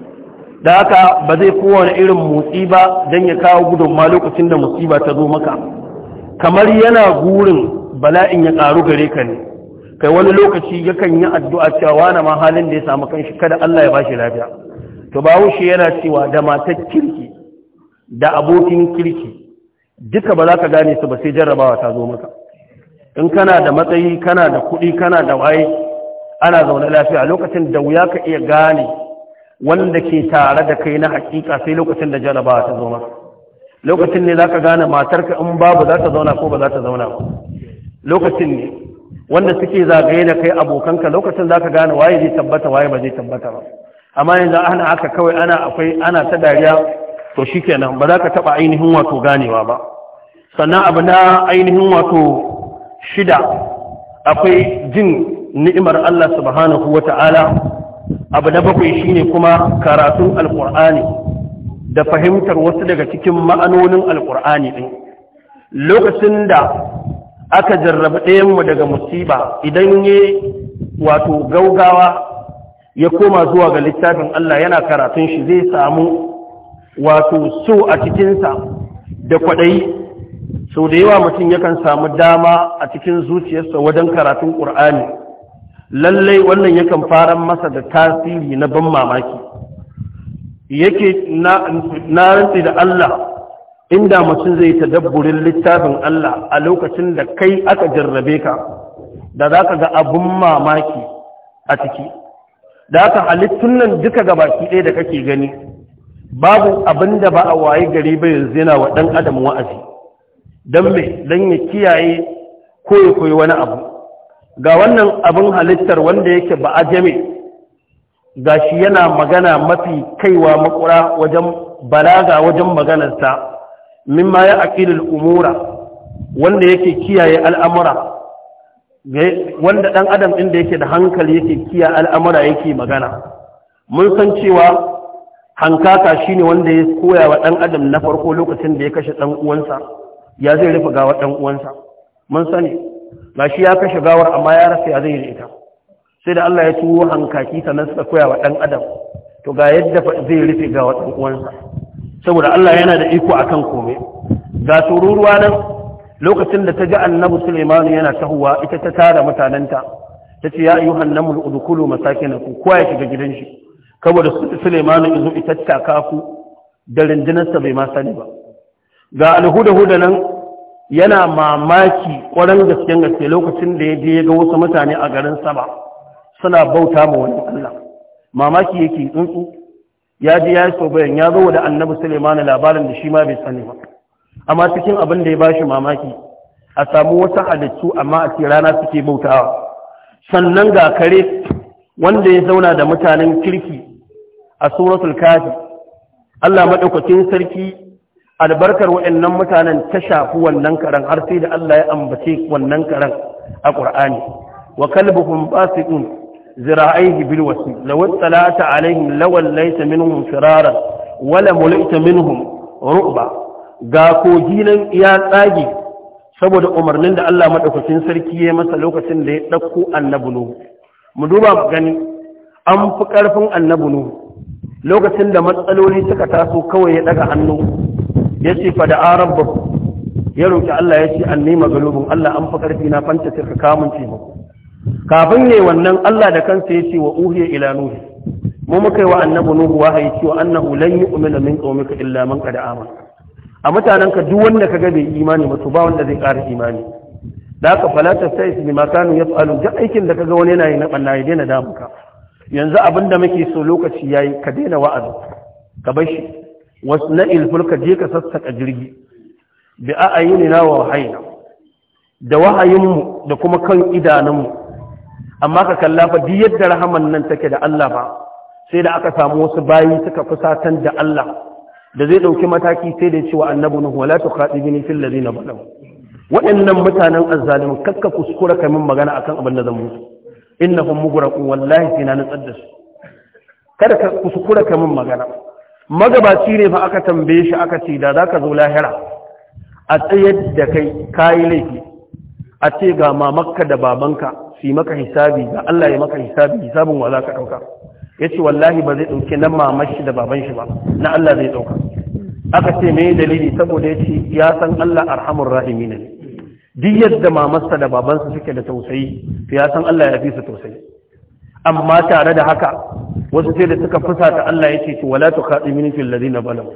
da haka ba zai kowane irin motsi ba don ya kawo gudunma lokacin da musiba ta zo maka kamar yana gurin bala'in ya karu gare ka ne kai wani lokaci yakan yi addu'a cewa na ma halin da ya samu kanshi kada Allah ya ba shi lafiya to ba wuce yana cewa da matar kirki da abokin kirki duka ba za ka gane su ba sai jarrabawa ta zo maka in kana da matsayi kana da kuɗi kana da waye ana zaune lafiya lokacin da wuya ka iya gane wanda ke tare da kai na hakika sai lokacin da jarabawa ta zo maka lokacin ne za ka gane matarka in babu za ta zauna ko ba za ta zauna ba lokacin ne wanda suke zagaye da kai abokanka lokacin za ka gane waye zai tabbata waye ba zai tabbata ba amma yanzu ana aka kawai ana akwai ana ta dariya to shikenan ba za ka taba ainihin wato ganewa ba sannan abu na ainihin wato shida akwai jin ni'imar Allah subhanahu wa Ta'ala abu na bakwai shine kuma karatun Alƙur'ani da fahimtar wasu daga cikin ma'anonin Alƙur'ani. ɗin lokacin da aka jarraba ɗayanmu daga musiba idan ya wato gaugawa ya koma zuwa ga littafin Allah yana karatun shi zai samu wato so a cikinsa da kwaɗayi sau da yawa mutum yakan samu dama a cikin zuciyarsa wajen karatun ƙur'ani lallai wannan yakan fara masa da tasiri na ban mamaki yake na rantsi da Allah inda mutum zai ta dabburin littafin Allah a lokacin da kai aka jarrabe ka da za ka ga abin mamaki a ciki da aka halittun nan duka gabaki ɗaya da kake gani babu abin da ba a waye gari ba yanzu yana wa ɗan adam wa'azi don me don ya kiyaye ko koyi wani abu ga wannan abin halittar wanda yake ba a ga shi yana magana mafi kaiwa makura wajen balaga wajen maganarsa mimma ya aƙilil umura wanda yake kiyaye al'amura wanda ɗan adam da yake da hankali yake kiya al'amura yake magana mun san cewa hankaka shine wanda ya koya wa ɗan adam na farko lokacin da ya kashe ɗan uwansa ya zai rufe gawar ɗan uwansa mun sani shi ya kashe gawar amma ya rasa ya zai yi ita sai da Allah ya tuwo hankaki sannan suka koya wa ɗan adam to ga yadda zai rufe gawar ɗan uwansa saboda Allah yana da iko akan komai ga tururuwa nan lokacin da ta ji annabi Sulaiman yana tahuwa ita ta tara mutanenta ta ce ya ayyuhan namul udkhulu masakinakum kowa ya shiga gidan shi da Sulaiman ya zo ita taka ku da rindinarsa bai ma sani ba ga alhuda-huda nan yana mamaki ƙwarar gaske gaske lokacin da ya je ya ga wasu mutane a garin sama, suna bauta ma wani Allah mamaki yake tsuntsu ya je ya yi bayan ya zo da annabi Suleiman labarin da shi ma bai sani ba amma cikin abin da ya bashi mamaki a samu wata halittu amma a ce rana suke bautawa sannan ga kare wanda ya zauna da mutanen kirki a suratul kafi Allah madaukakin sarki albarkar wa'annan mutanen ta shafi wannan karan har sai da Allah ya ambace wannan karan a Qur'ani wa kalbuhum basiqun zira'aihi bil wasi law talata alaihim law laysa minhum firara wala mulita minhum ru'ba ga kogi nan ya tsage saboda umarnin da Allah madaukakin sarki ya masa lokacin da ya dauko annabi nu mu duba gani an fi karfin annabi nu lokacin da matsaloli suka taso kawai ya daga hannu ya ce fa da aran babu ya roƙi Allah ya ce an nema galubin Allah an fi ƙarfi na fanta ka kamun ce kafin ne wannan Allah da kansa ya ce wa uhiya ila nuhi mu muka yi wa annabi nuhu wahayi cewa annahu lan yu'mina min qaumika illa man qad amana a mutanen ka duk wanda kaga bai imani ba to ba wanda zai ƙara imani da ka fala ta sai su ma kanu yaf'alu duk aikin da kaga wani yana yi na banna ya daina ka. yanzu abin da muke so lokaci yayi ka daina wa'azi ka bar shi na ilfulka je ka sassaka jirgi bi na wa wahayina da wahayinmu da kuma kan idanunmu amma ka kalla fa duk yadda rahaman nan take da Allah ba sai da aka samu wasu bayi suka fusatan da Allah da zai dauki mataki sai da cewa annabi nuhu wala tuqatibni fil ladina zalamu waɗannan mutanen azzalimin kakka kuskura kai min magana akan abin da zan musu innahum mugraqun wallahi sina natsar su kada ka kuskura kai min magana magabaci ne fa aka tambaye shi aka ce da za ka zo lahira a tsayar da kai kayi laifi a ce ga mamakka da babanka su yi maka hisabi ga Allah ya maka hisabi hisabin wa za ka ɗauka ya ce wallahi ba zai ɗauki nan mamashi da baban shi ba na Allah zai ɗauka aka ce mai dalili saboda ya ce ya san Allah arhamun rahimi ne duk yadda mamasta da babansa suke da tausayi to ya san Allah ya fi su tausayi amma tare da haka wasu sai da suka fusata Allah ya ce wala tuqatimini fil ladina zalamu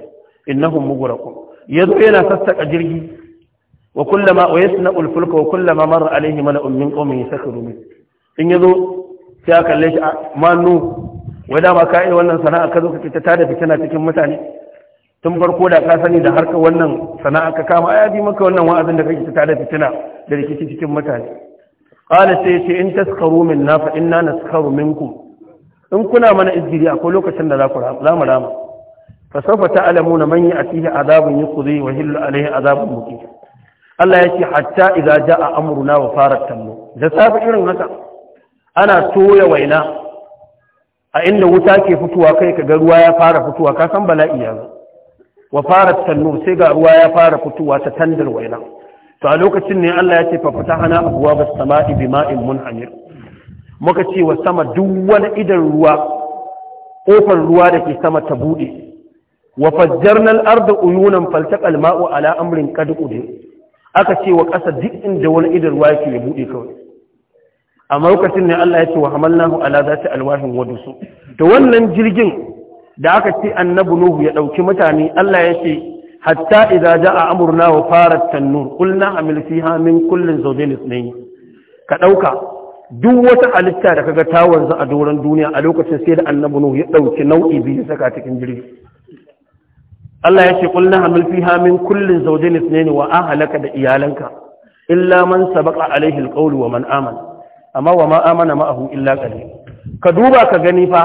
innahum mughraqun yazo yana sassaka jirgi wa kullama yasna'u al fulka wa kullama marra alayhi mala'un min qawmihi sakharu min in yazo sai aka kalle shi ah, manu wai da ba ka yi wannan sana'a ka zo ka ta tada fitina cikin mutane tun farko da ka sani da harkar wannan sana'a ka kama ai bi maka wannan wa'azin da kake ta tada fitina da rikici cikin mutane qala sai ce in taskaru minna fa inna naskaru minkum in kuna mana izgiri akwai lokacin da za ku za mu rama fa sawfa ta'lamuna man ya'tihi adabun yuqdi wa hillu alayhi adabun muqim Allah yake hatta idza ja'a amruna wa farat tammu da safi irin haka ana toya waina a inda wuta ke fitowa kai ka ga ruwa ya fara fitowa ka san bala'i ya wa farat tannu sai ga ruwa ya fara fitowa ta tandar waina to a lokacin ne Allah ya ce fa ba abwaabas samaa'i bima'in munhamir muka ce wa sama duk wani idan ruwa kofar ruwa da ke sama ta bude wa fajjarna al-ardu uyunan faltaqa al-ma'u ala amrin qad aka ce wa ƙasa duk inda wani idan ruwa yake ya bude kawai amma lokacin ne Allah ya ce wa hamalnahu ala zati alwahin wa to wannan jirgin da aka ce annabi nuhu ya dauki mutane Allah ya ce hatta idza a amruna wa farat tanur qulna amil fiha min ka dauka duk wata halitta da kaga ta wanzu a doron duniya a lokacin sai da annabi nuhu ya ɗauki nau'i biyu saka cikin jirgi Allah ya ce qulna amil fiha min kullin zawjayn ithnayn wa ahlaka da iyalanka illa man sabaqa alaihi alqawlu wa man amana amma wa ma ma'ahu illa qalil ka duba ka gani fa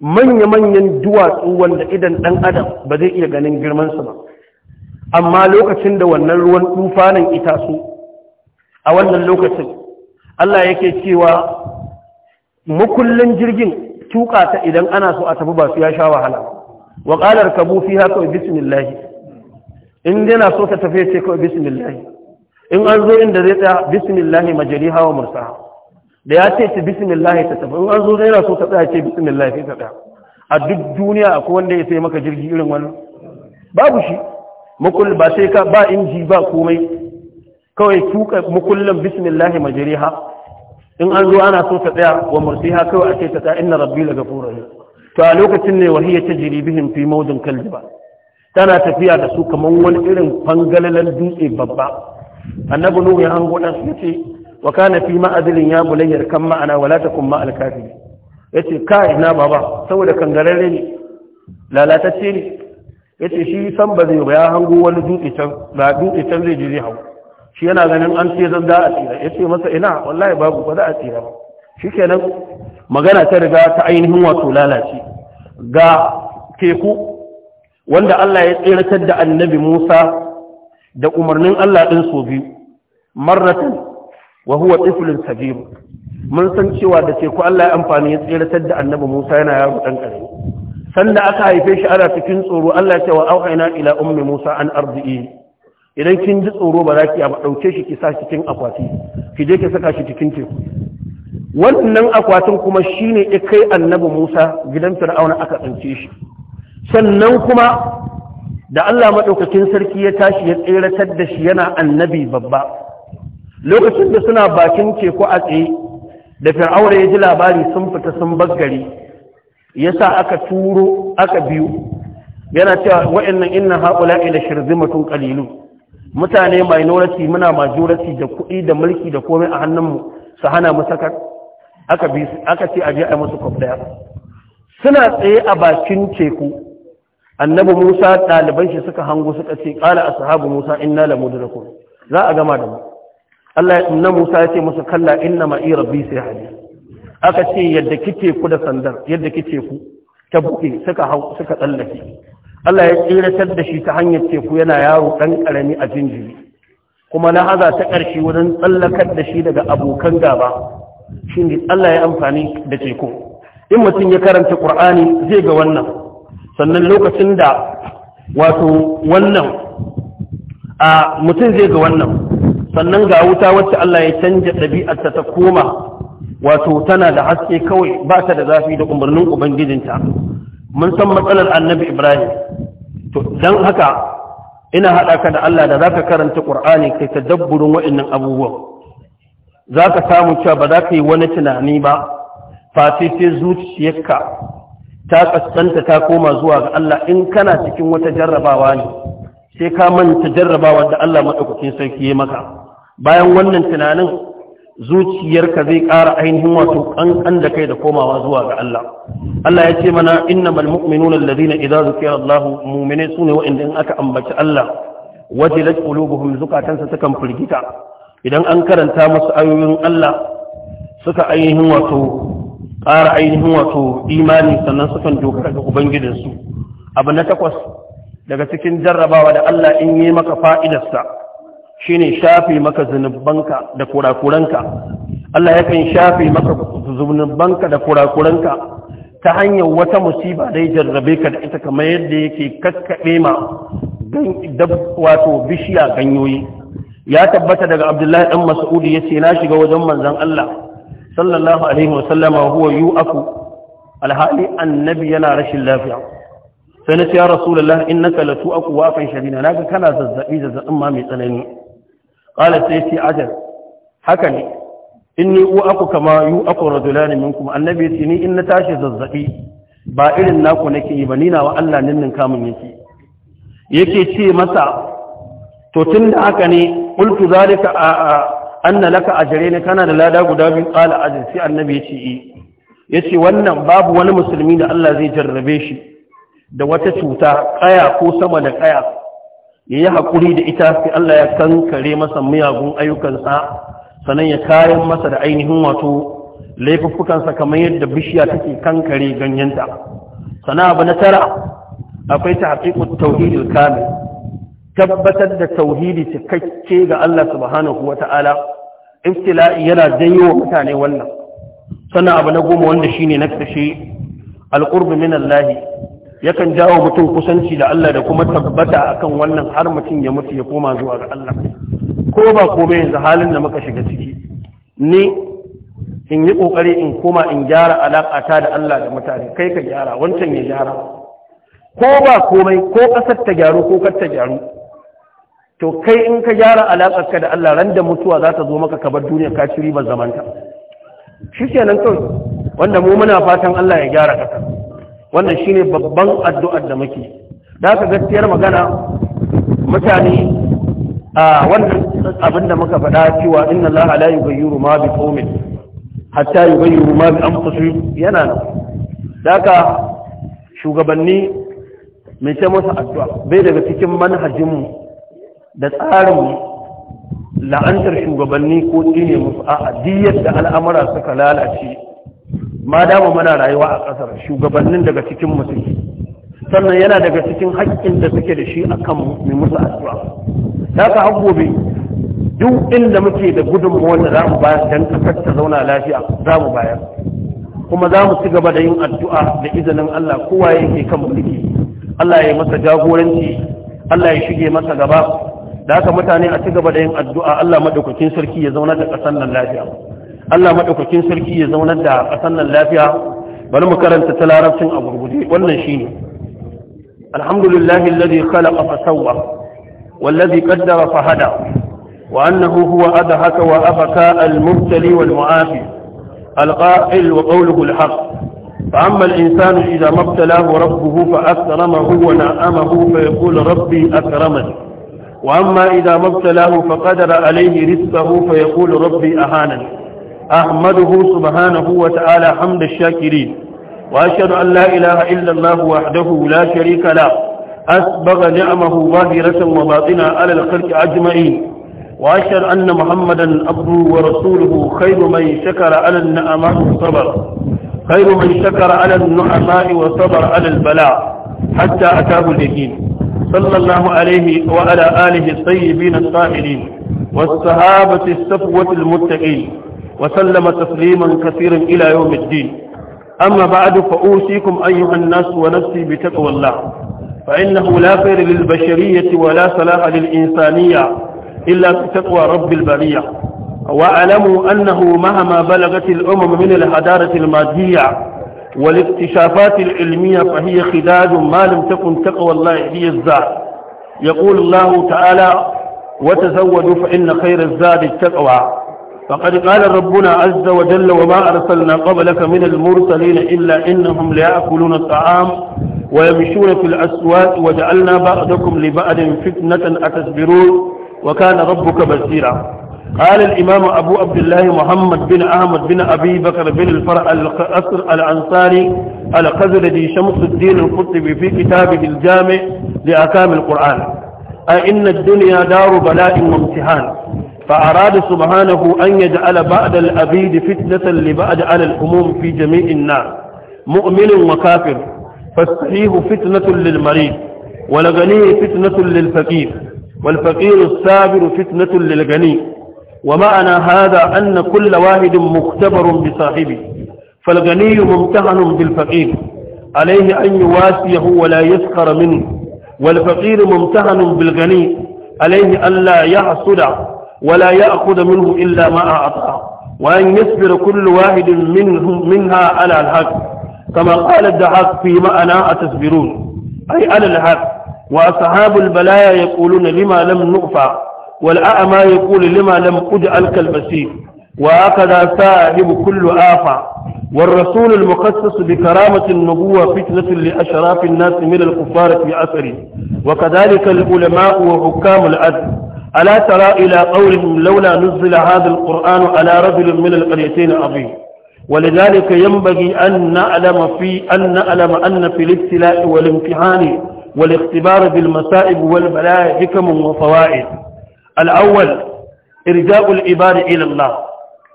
manya-manyan duwatsu wanda idan ɗan adam ba zai iya ganin girmansu ba amma lokacin da wannan ruwan tufanin ita su a wannan lokacin Allah yake cewa mukullin jirgin tuka ta idan ana so a tafi ba su ya sha wahala wa ka kabu haka wa bismillahi in yana so ta tafi ce kawai bismillahi in an zo inda zai tsaya ma majalihawa wa mursaha da ya ce ta bismillah ta tafi an zo yana so ta tsaya ce bismillah sai ta tsaya a duk duniya akwai wanda ya sai maka jirgi irin wannan babu shi mukul ba sai ka ba inji ba komai kawai tuka mukullan bismillah majriha in an zo ana so ta tsaya wa mursiha kawai a ce ta tsaya inna rabbi lagafurur rahim to a lokacin ne wahiyar ta jiri bihin fi maudin kaljiba tana tafiya da su kamar wani irin fangalalan dutse babba annabi nuhu ya hango dan su ce wa kana fi ma'azilin ya bulayyar kan ma'ana wala takum ma'al kafiri yace kai na baba saboda kangararre ne lalatacce ne yace shi san ba zai ba ya hango wani dutse can ba dutse can zai je zai hau shi yana ganin an ce zan da a tsira yace masa ina wallahi babu ba za a tsira ba shikenan magana ta riga ta ainihin wato lalace ga teku wanda Allah ya tsiratar da annabi Musa da umarnin Allah ɗin so biyu marratan wa huwa tiflun mun san cewa da teku Allah ya amfani ya tsiratar da annabi Musa yana yaro dan sanda aka haife shi ana cikin tsoro Allah ya ce wa auhayna ila ummi Musa an ardi'i idan kin ji tsoro ba za ki ba dauke shi ki sa shi cikin akwati ki je ki saka shi cikin teku wannan akwatin kuma shine ya kai annabi Musa gidan Fir'auna aka tsince shi sannan kuma da Allah madaukakin sarki ya tashi ya tseratar da shi yana annabi babba lokacin da suna bakin teku a tsaye da fir'aura ya ji labari sun fita sun bagare. ya sa aka turo aka biyu yana cewa wa'annan inna haƙula ila shirzimatun ƙalilu mutane minority muna majority da kuɗi da mulki da komai a hannunmu su hana mu sakar aka bi aka ce a je a musu kwaf suna tsaye a bakin teku annabi musa ɗaliban shi suka hango suka ce ƙala ashabu musa inna lamudrakun za a gama da mu Allah na Musa ya ce musu kalla inna ma'i rabbi sai hadi aka ce yadda kike ku da sandar yadda kike ku ta buke suka hau suka tsallake Allah ya tsiratar da shi ta hanyar teku yana yaro dan karami a jinjiri kuma na haza ta ƙarshe wurin tsallakar da shi daga abokan gaba shi Allah ya amfani da teku in mutum ya karanta Qur'ani zai ga wannan sannan lokacin da wato wannan a mutum zai ga wannan sannan ga wuta wacce Allah ya canja ɗabi'arta ta koma wato tana da haske kawai ba ta da zafi da umarnin ubangijinta mun san matsalar annabi ibrahim to don haka ina haɗa ka da Allah da za ka karanta ƙur'ani kai ta dabburin waɗannan abubuwan za ka samu cewa ba za ka yi wani tunani ba face sai zuciyarka ta kaskanta ta koma zuwa ga Allah in kana cikin wata jarrabawa ne sai ka manta jarrabawa da Allah maɗaukakin sarki ya maka bayan wannan tunanin zuciyarka zai ƙara ainihin wato ƙanƙan da kai da komawa zuwa ga Allah Allah ya ce mana innamal mu'minuna alladhina idza zukira Allah mu'mine sune wa in aka ambaci Allah wajilat qulubuhum sa takan firgita idan an karanta musu ayoyin Allah suka ainihin wato ƙara ainihin wato imani sannan sukan dogara ga su abu na takwas daga cikin jarrabawa da Allah in yi maka fa'idarsa shine shafi maka zunubanka da kurakuranka Allah yakan shafi maka zunubanka da kurakuranka ta hanyar wata musiba da ya jarrabe ka da ita kamar yadda yake kakkaɓe ma wato bishiya ganyoyi ya tabbata daga abdullahi ɗan mas'udi ya ce na shiga wajen manzan Allah sallallahu alaihi wasallama huwa yu'afu alhali annabi yana rashin lafiya sai na ce ya rasulullah innaka latu aqwa kan shadina naga kana zazzabi zazzabin ma mai tsanani qala sai ce ajal haka ne inni u'aku kama yu'aku rajulan minkum annabi yace ni in na tashi zazzabi ba irin naku nake yi ba ni wa Allah ninnin kamun yake yake ce masa to tunda haka ne qultu zalika anna laka ajrayni kana da lada guda biyu qala ajr sai annabi yace yace wannan babu wani musulmi da Allah zai jarrabe shi da wata cuta kaya ko sama da kaya ya yi haƙuri da ita sai Allah ya kankare masa miyagun ayyukansa sannan ya kayan masa da ainihin wato laifuffukansa kamar yadda bishiya take kankare ganyenta sana abu na tara akwai ta haƙiƙun tauhidul kamil tabbatar da tauhidi cikakke ga Allah subhanahu Ta'ala, ibtila'i yana janyo wa mutane wannan sannan abu na goma wanda shine na ƙarshe alqurb min Allah yakan jawo mutum kusanci da Allah da kuma tabbata akan wannan har mutum ya mutu ya koma zuwa ga Allah ko ba komai yanzu halin da muka shiga ciki ni in yi kokari in koma in gyara alakata da Allah da mutane kai ka gyara wancan ya gyara ko ba komai ko ƙasar ta gyaru ko kar ta gyaru to kai in ka gyara ka da Allah ran da mutuwa za ta zo maka ka bar duniya ka ci ribar zamanta Shi shikenan kawai wanda mu muna fatan Allah ya gyara ƙasar. wannan shine babban addu'ar da muke da haka gaskiyar magana mutane a wannan abinda muka faɗa cewa inna Allah la yughayyiru ma bi qaumin hatta yughayyiru ma bi anfusihim yana nan da haka shugabanni mai ta masa addu'a bai daga cikin manhajinmu da tsarin la'antar shugabanni ko tsine musu a yadda al'amura suka lalace ma dama muna rayuwa a ƙasar shugabannin daga cikin mutum sannan yana daga cikin haƙƙin da suke da shi akan mu musu addu'a ta ka gobe duk inda muke da gudunmu da za mu bayar don ƙasar ta zauna lafiya za mu bayar kuma za mu ci gaba da yin addu'a da izinin Allah kowa yake kan mulki Allah ya yi masa jagoranci Allah ya shige masa gaba da haka mutane a ci gaba da yin addu'a Allah madaukakin sarki ya zauna da ƙasar nan lafiya Allah maɗaukakin sarki ya zaunar da ƙasar nan lafiya bari mu karanta ta larabcin a gurguje wannan shine alhamdulillahi alladhi khalaqa fa sawwa wallazi qaddara fa hada wa annahu huwa adhaka wa abaka al-mubtali wal mu'afi al-qa'il wa qawluhu al-haqq فأما الإنسان إذا ما ابتلاه ربه فأكرمه ونعمه فيقول ربي أكرمني وأما إذا ما ابتلاه فقدر عليه رزقه فيقول ربي أهانني أحمده سبحانه وتعالى حمد الشاكرين وأشهد أن لا إله إلا الله وحده لا شريك له أسبغ نعمه ظاهرة وباطنة على الخلق أجمعين وأشهد أن محمدا أبو ورسوله خير من شكر على النعماء وصبر خير من شكر على النعماء وصبر على البلاء حتى أتاه اليقين صلى الله عليه وعلى آله الطيبين الطاهرين والصحابة الصفوة المتقين وسلم تسليما كثيرا إلى يوم الدين أما بعد فأوصيكم أيها الناس ونفسي بتقوى الله فإنه لا خير للبشرية ولا صلاح للإنسانية إلا بتقوى رب البرية واعلموا أنه مهما بلغت الأمم من الحضارة المادية والاكتشافات العلمية فهي خداد ما لم تكن تقوى الله هي الزاد يقول الله تعالى وتزودوا فإن خير الزاد التقوى فقد قال ربنا عز وجل وما أرسلنا قبلك من المرسلين إلا إنهم ليأكلون الطعام ويمشون في الأسواق وجعلنا بعضكم لبعض فتنة أتصبرون وكان ربك بصيرا قال الإمام أبو عبد الله محمد بن أحمد بن أبي بكر بن الفرع الأسر الأنصاري على دي شمس الدين القطبي في كتابه الجامع لأكام القرآن أئن الدنيا دار بلاء وامتحان فأراد سبحانه أن يجعل بعد الأبيد فتنة لبعد على الأموم في جميع الناس مؤمن وكافر فالصحيح فتنة للمريض والغني فتنة للفقير والفقير السابر فتنة للغني ومعنى هذا أن كل واحد مختبر بصاحبه فالغني ممتحن بالفقير عليه أن يواسيه ولا يسخر منه والفقير ممتحن بالغني عليه أن لا يحصد ولا يأخذ منه إلا ما أعطى وأن يصبر كل واحد منهم منها على الحق كما قال الدحاق في معنى أتصبرون أي على الحق وأصحاب البلايا يقولون لما لم نغفى والأعمى يقول لما لم أجعل كالبصير وهكذا ساهم كل آفة والرسول المخصص بكرامة النبوة فتنة لأشراف الناس من الكفار في أثره وكذلك العلماء وحكام العدل ألا ترى إلى قولهم لولا نزل هذا القرآن على رجل من القريتين عظيم ولذلك ينبغي أن نعلم في أن نعلم أن في الابتلاء والامتحان والاختبار بالمصائب والبلايا حكم وفوائد الأول إرجاء العباد إلى الله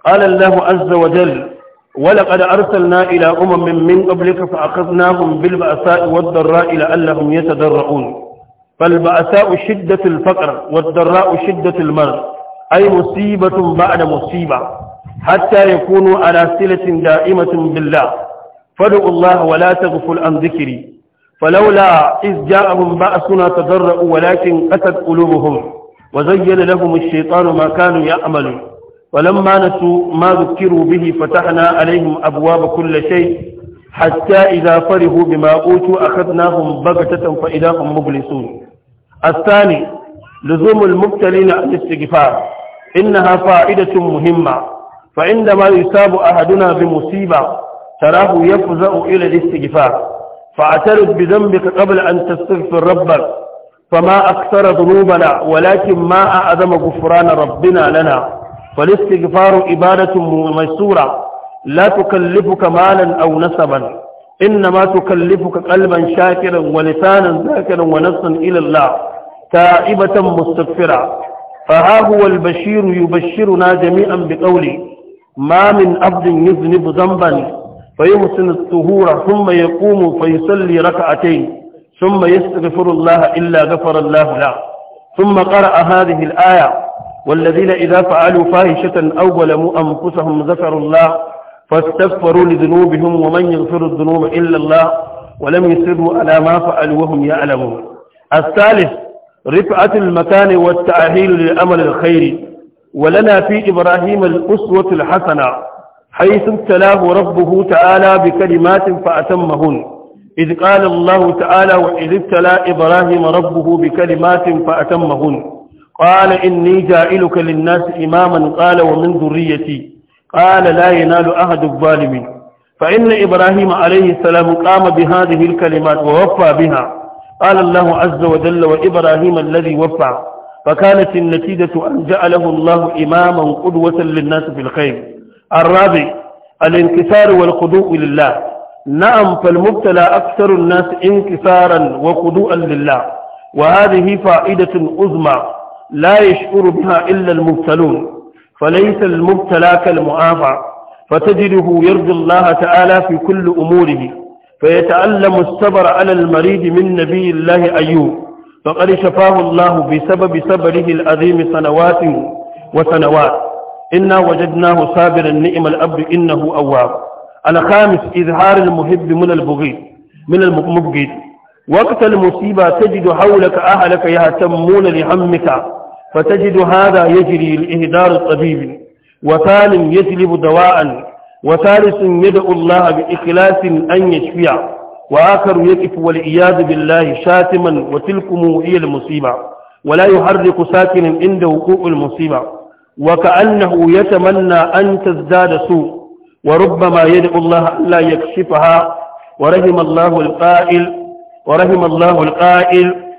قال الله عز وجل ولقد أرسلنا إلى أمم من قبلك فأخذناهم بالبأساء والضراء لعلهم يتضرعون فالبأساء شدة الفقر والضراء شدة المرض أي مصيبة بعد مصيبة حتى يكونوا على صلة دائمة بالله فادعوا الله ولا تغفل عن ذكري فلولا إذ جاءهم بأسنا تضرؤوا ولكن قست قلوبهم وزين لهم الشيطان ما كانوا يعملون ولما نسوا ما ذكروا به فتحنا عليهم أبواب كل شيء حتى إذا فرحوا بما أوتوا أخذناهم بغتة فإذا هم مبلسون الثاني لزوم المبتلين الاستغفار إنها فائدة مهمة فعندما يصاب أحدنا بمصيبة تراه يفزع إلى الاستغفار فاعترف بذنبك قبل أن تستغفر ربك فما أكثر ذنوبنا ولكن ما أعظم غفران ربنا لنا فالاستغفار عبادة ميسورة لا تكلفك مالا أو نسبا إنما تكلفك قلبا شاكرا ولسانا ذاكرا ونفسا إلى الله تائبة مستغفرا فها هو البشير يبشرنا جميعا بقوله ما من عبد يذنب ذنبا فيحسن الطهور ثم يقوم فيصلي ركعتين ثم يستغفر الله إلا غفر الله له ثم قرأ هذه الآية والذين إذا فعلوا فاهشة أو ظلموا أنفسهم ذكروا الله فاستغفروا لذنوبهم ومن يغفر الذنوب إلا الله ولم يسروا على ما فعلوا وهم يعلمون الثالث رفعة المكان والتأهيل للأمل الخيري ولنا في إبراهيم الأسوة الحسنة حيث ابتلاه ربه تعالى بكلمات فأتمهن إذ قال الله تعالى وإذ ابتلى إبراهيم ربه بكلمات فأتمهن قال إني جائلك للناس إماما قال ومن ذريتي قال لا ينال أحد الظالمين فإن إبراهيم عليه السلام قام بهذه الكلمات ووفى بها قال الله عز وجل وإبراهيم الذي وفى فكانت النتيجة أن جعله الله إماما قدوة للناس في الخير الرابع الانكسار والخضوع لله نعم فالمبتلى أكثر الناس انكسارا وخضوعا لله وهذه فائدة أزمى لا يشعر بها إلا المبتلون فليس المبتلى كالمعافى فتجده يرجو الله تعالى في كل أموره فيتألم الصبر على المريض من نبي الله أيوب فقد شفاه الله بسبب صبره العظيم سنوات وسنوات إنا وجدناه صابرا نئم الأب إنه أواب الخامس إظهار المحب من البغيض من المبغض وقت المصيبة تجد حولك أهلك يهتمون لهمك فتجد هذا يجري لإهدار الطبيب وثان يجلب دواء وثالث يدعو الله بإخلاص أن يشفيع وآخر يقف والعياذ بالله شاتما وتلكم هي المصيبة ولا يحرك ساكنا عند وقوع المصيبة وكأنه يتمنى أن تزداد سوء وربما يدعو الله لا يكشفها ورحم الله القائل ورحم الله القائل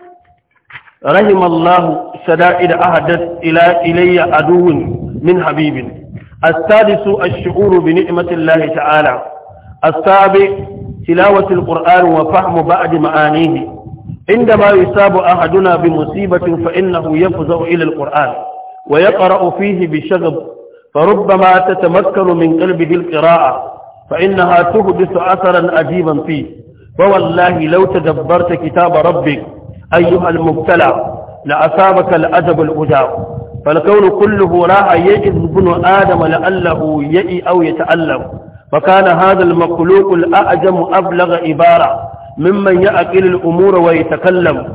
رحم الله شدائد أهدت إلى إلي عدو من حبيب السادس الشعور بنعمة الله تعالى السابع تلاوة القرآن وفهم بعد معانيه عندما يصاب أحدنا بمصيبة فإنه يفزع إلى القرآن ويقرأ فيه بشغب فربما تتمكن من قلبه القراءة فإنها تهدث أثرا عجيبا فيه فوالله لو تدبرت كتاب ربك أيها المبتلى لأصابك الأدب الأجاب فالكون كله راعى يجد ابن آدم لأله يئي أو يتألم فكان هذا المخلوق الأعجم أبلغ عبارة ممن يأكل الأمور ويتكلم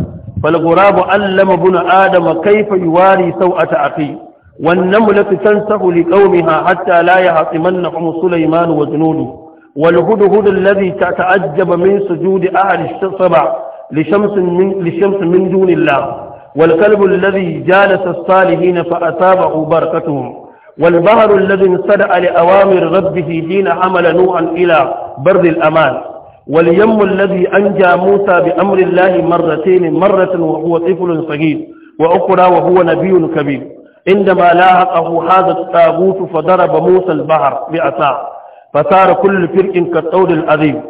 فالغراب علم ابن آدم كيف يواري سوءة أخيه والنملة تنسف لقومها حتى لا يعصمنهم سليمان وجنوده والهدهد الذي تتعجب من سجود أهل السبع لشمس من, لشمس من دون الله والكلب الذي جالس الصالحين فأتابعوا بركتهم والبهر الذي انصدع لأوامر ربه دين عمل نوعا إلى برد الأمان واليم الذي أنجى موسى بأمر الله مرتين مرة وهو طفل صغير وأخرى وهو نبي كبير عندما لاحقه هذا التابوت فضرب موسى البحر بعصاه فصار كل فرق كالطول العظيم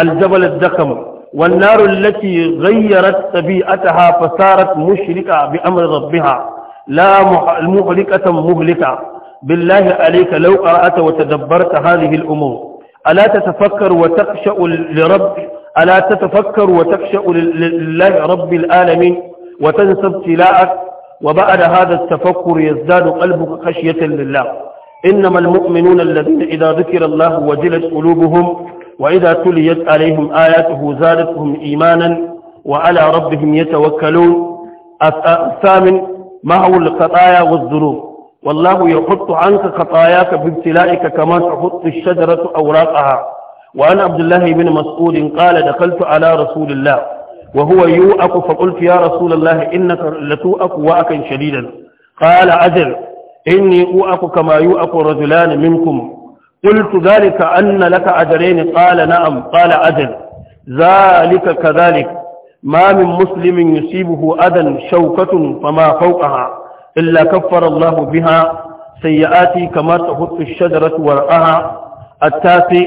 الجبل الدكم والنار التي غيرت طبيعتها فصارت مشركة بأمر ربها لا مهلكة مهلكة بالله عليك لو قرأت وتدبرت هذه الأمور ألا تتفكر وتخشأ لرب ألا تتفكر وتخشأ لله رب العالمين وتنسى ابتلاءك وبعد هذا التفكر يزداد قلبك خشية لله إنما المؤمنون الذين إذا ذكر الله وجلت قلوبهم وإذا تليت عليهم آياته زادتهم إيمانا وعلى ربهم يتوكلون الثامن مهو الخطايا والذنوب والله يحط عنك خطاياك بابتلائك كما تحط الشجرة أوراقها وعن عبد الله بن مسعود قال دخلت على رسول الله وهو يوأك فقلت يا رسول الله إنك لتوأك واءكا شديدا قال عجل إني أوأك كما يوأك رجلان منكم qultu zalika anna laka ajrayn qala na'am qala ajr zalika kadhalik mamin min muslimin yusibuhu adan shawkatun fama fawqaha illa kaffara Allahu biha sayyi'ati kama tahuttu ash-shajaratu war'aha التاسع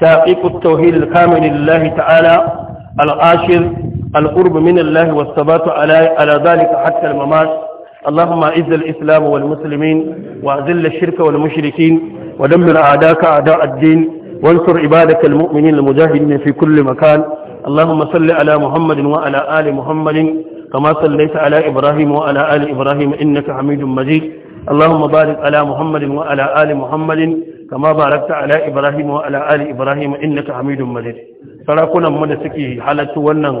تحقيق التوحيد الكامل لله تعالى العاشر القرب من الله والثبات على على ذلك حتى الممات اللهم اعز الاسلام والمسلمين واذل الشرك والمشركين ودمر أعداك أعداء الدين وانصر عبادك المؤمنين المجاهدين في كل مكان اللهم صل على محمد وعلى آل محمد كما صليت على إبراهيم وعلى آل إبراهيم إنك حميد مجيد اللهم بارك على محمد وعلى آل محمد كما باركت على إبراهيم وعلى آل إبراهيم إنك حميد مجيد سراكنا من سكي حالة ونن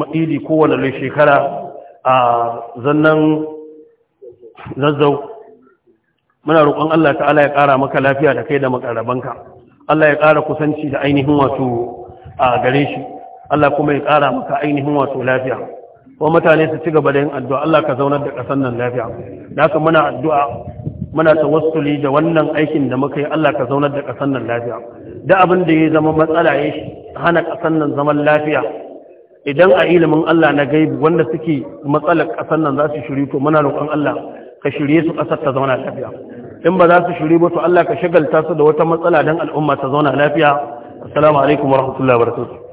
مئيدي قوة لشيكرا zannan zazzau muna roƙon Allah ta'ala ya ƙara maka lafiya da kai da makarabanka Allah ya ƙara kusanci da ainihin wato a gare shi Allah kuma ya ƙara maka ainihin wato lafiya kuma mutane su ci gaba da yin addu'a Allah ka zaunar da ƙasar nan lafiya da haka muna addu'a muna tawassuli da wannan aikin da muka yi Allah ka zaunar da ƙasar nan lafiya da abin da ya zama matsala ya hana ƙasar nan zaman lafiya idan a ilimin Allah na gaibi wanda suke matsalar ƙasar nan za su shiri to muna roƙon Allah ka shirye su ƙasar ta zauna lafiya in ba za su shirye ba to Allah ka shagalta su da wata matsala don al'umma ta zauna lafiya assalamu alaikum warahmatullahi wabarakatuh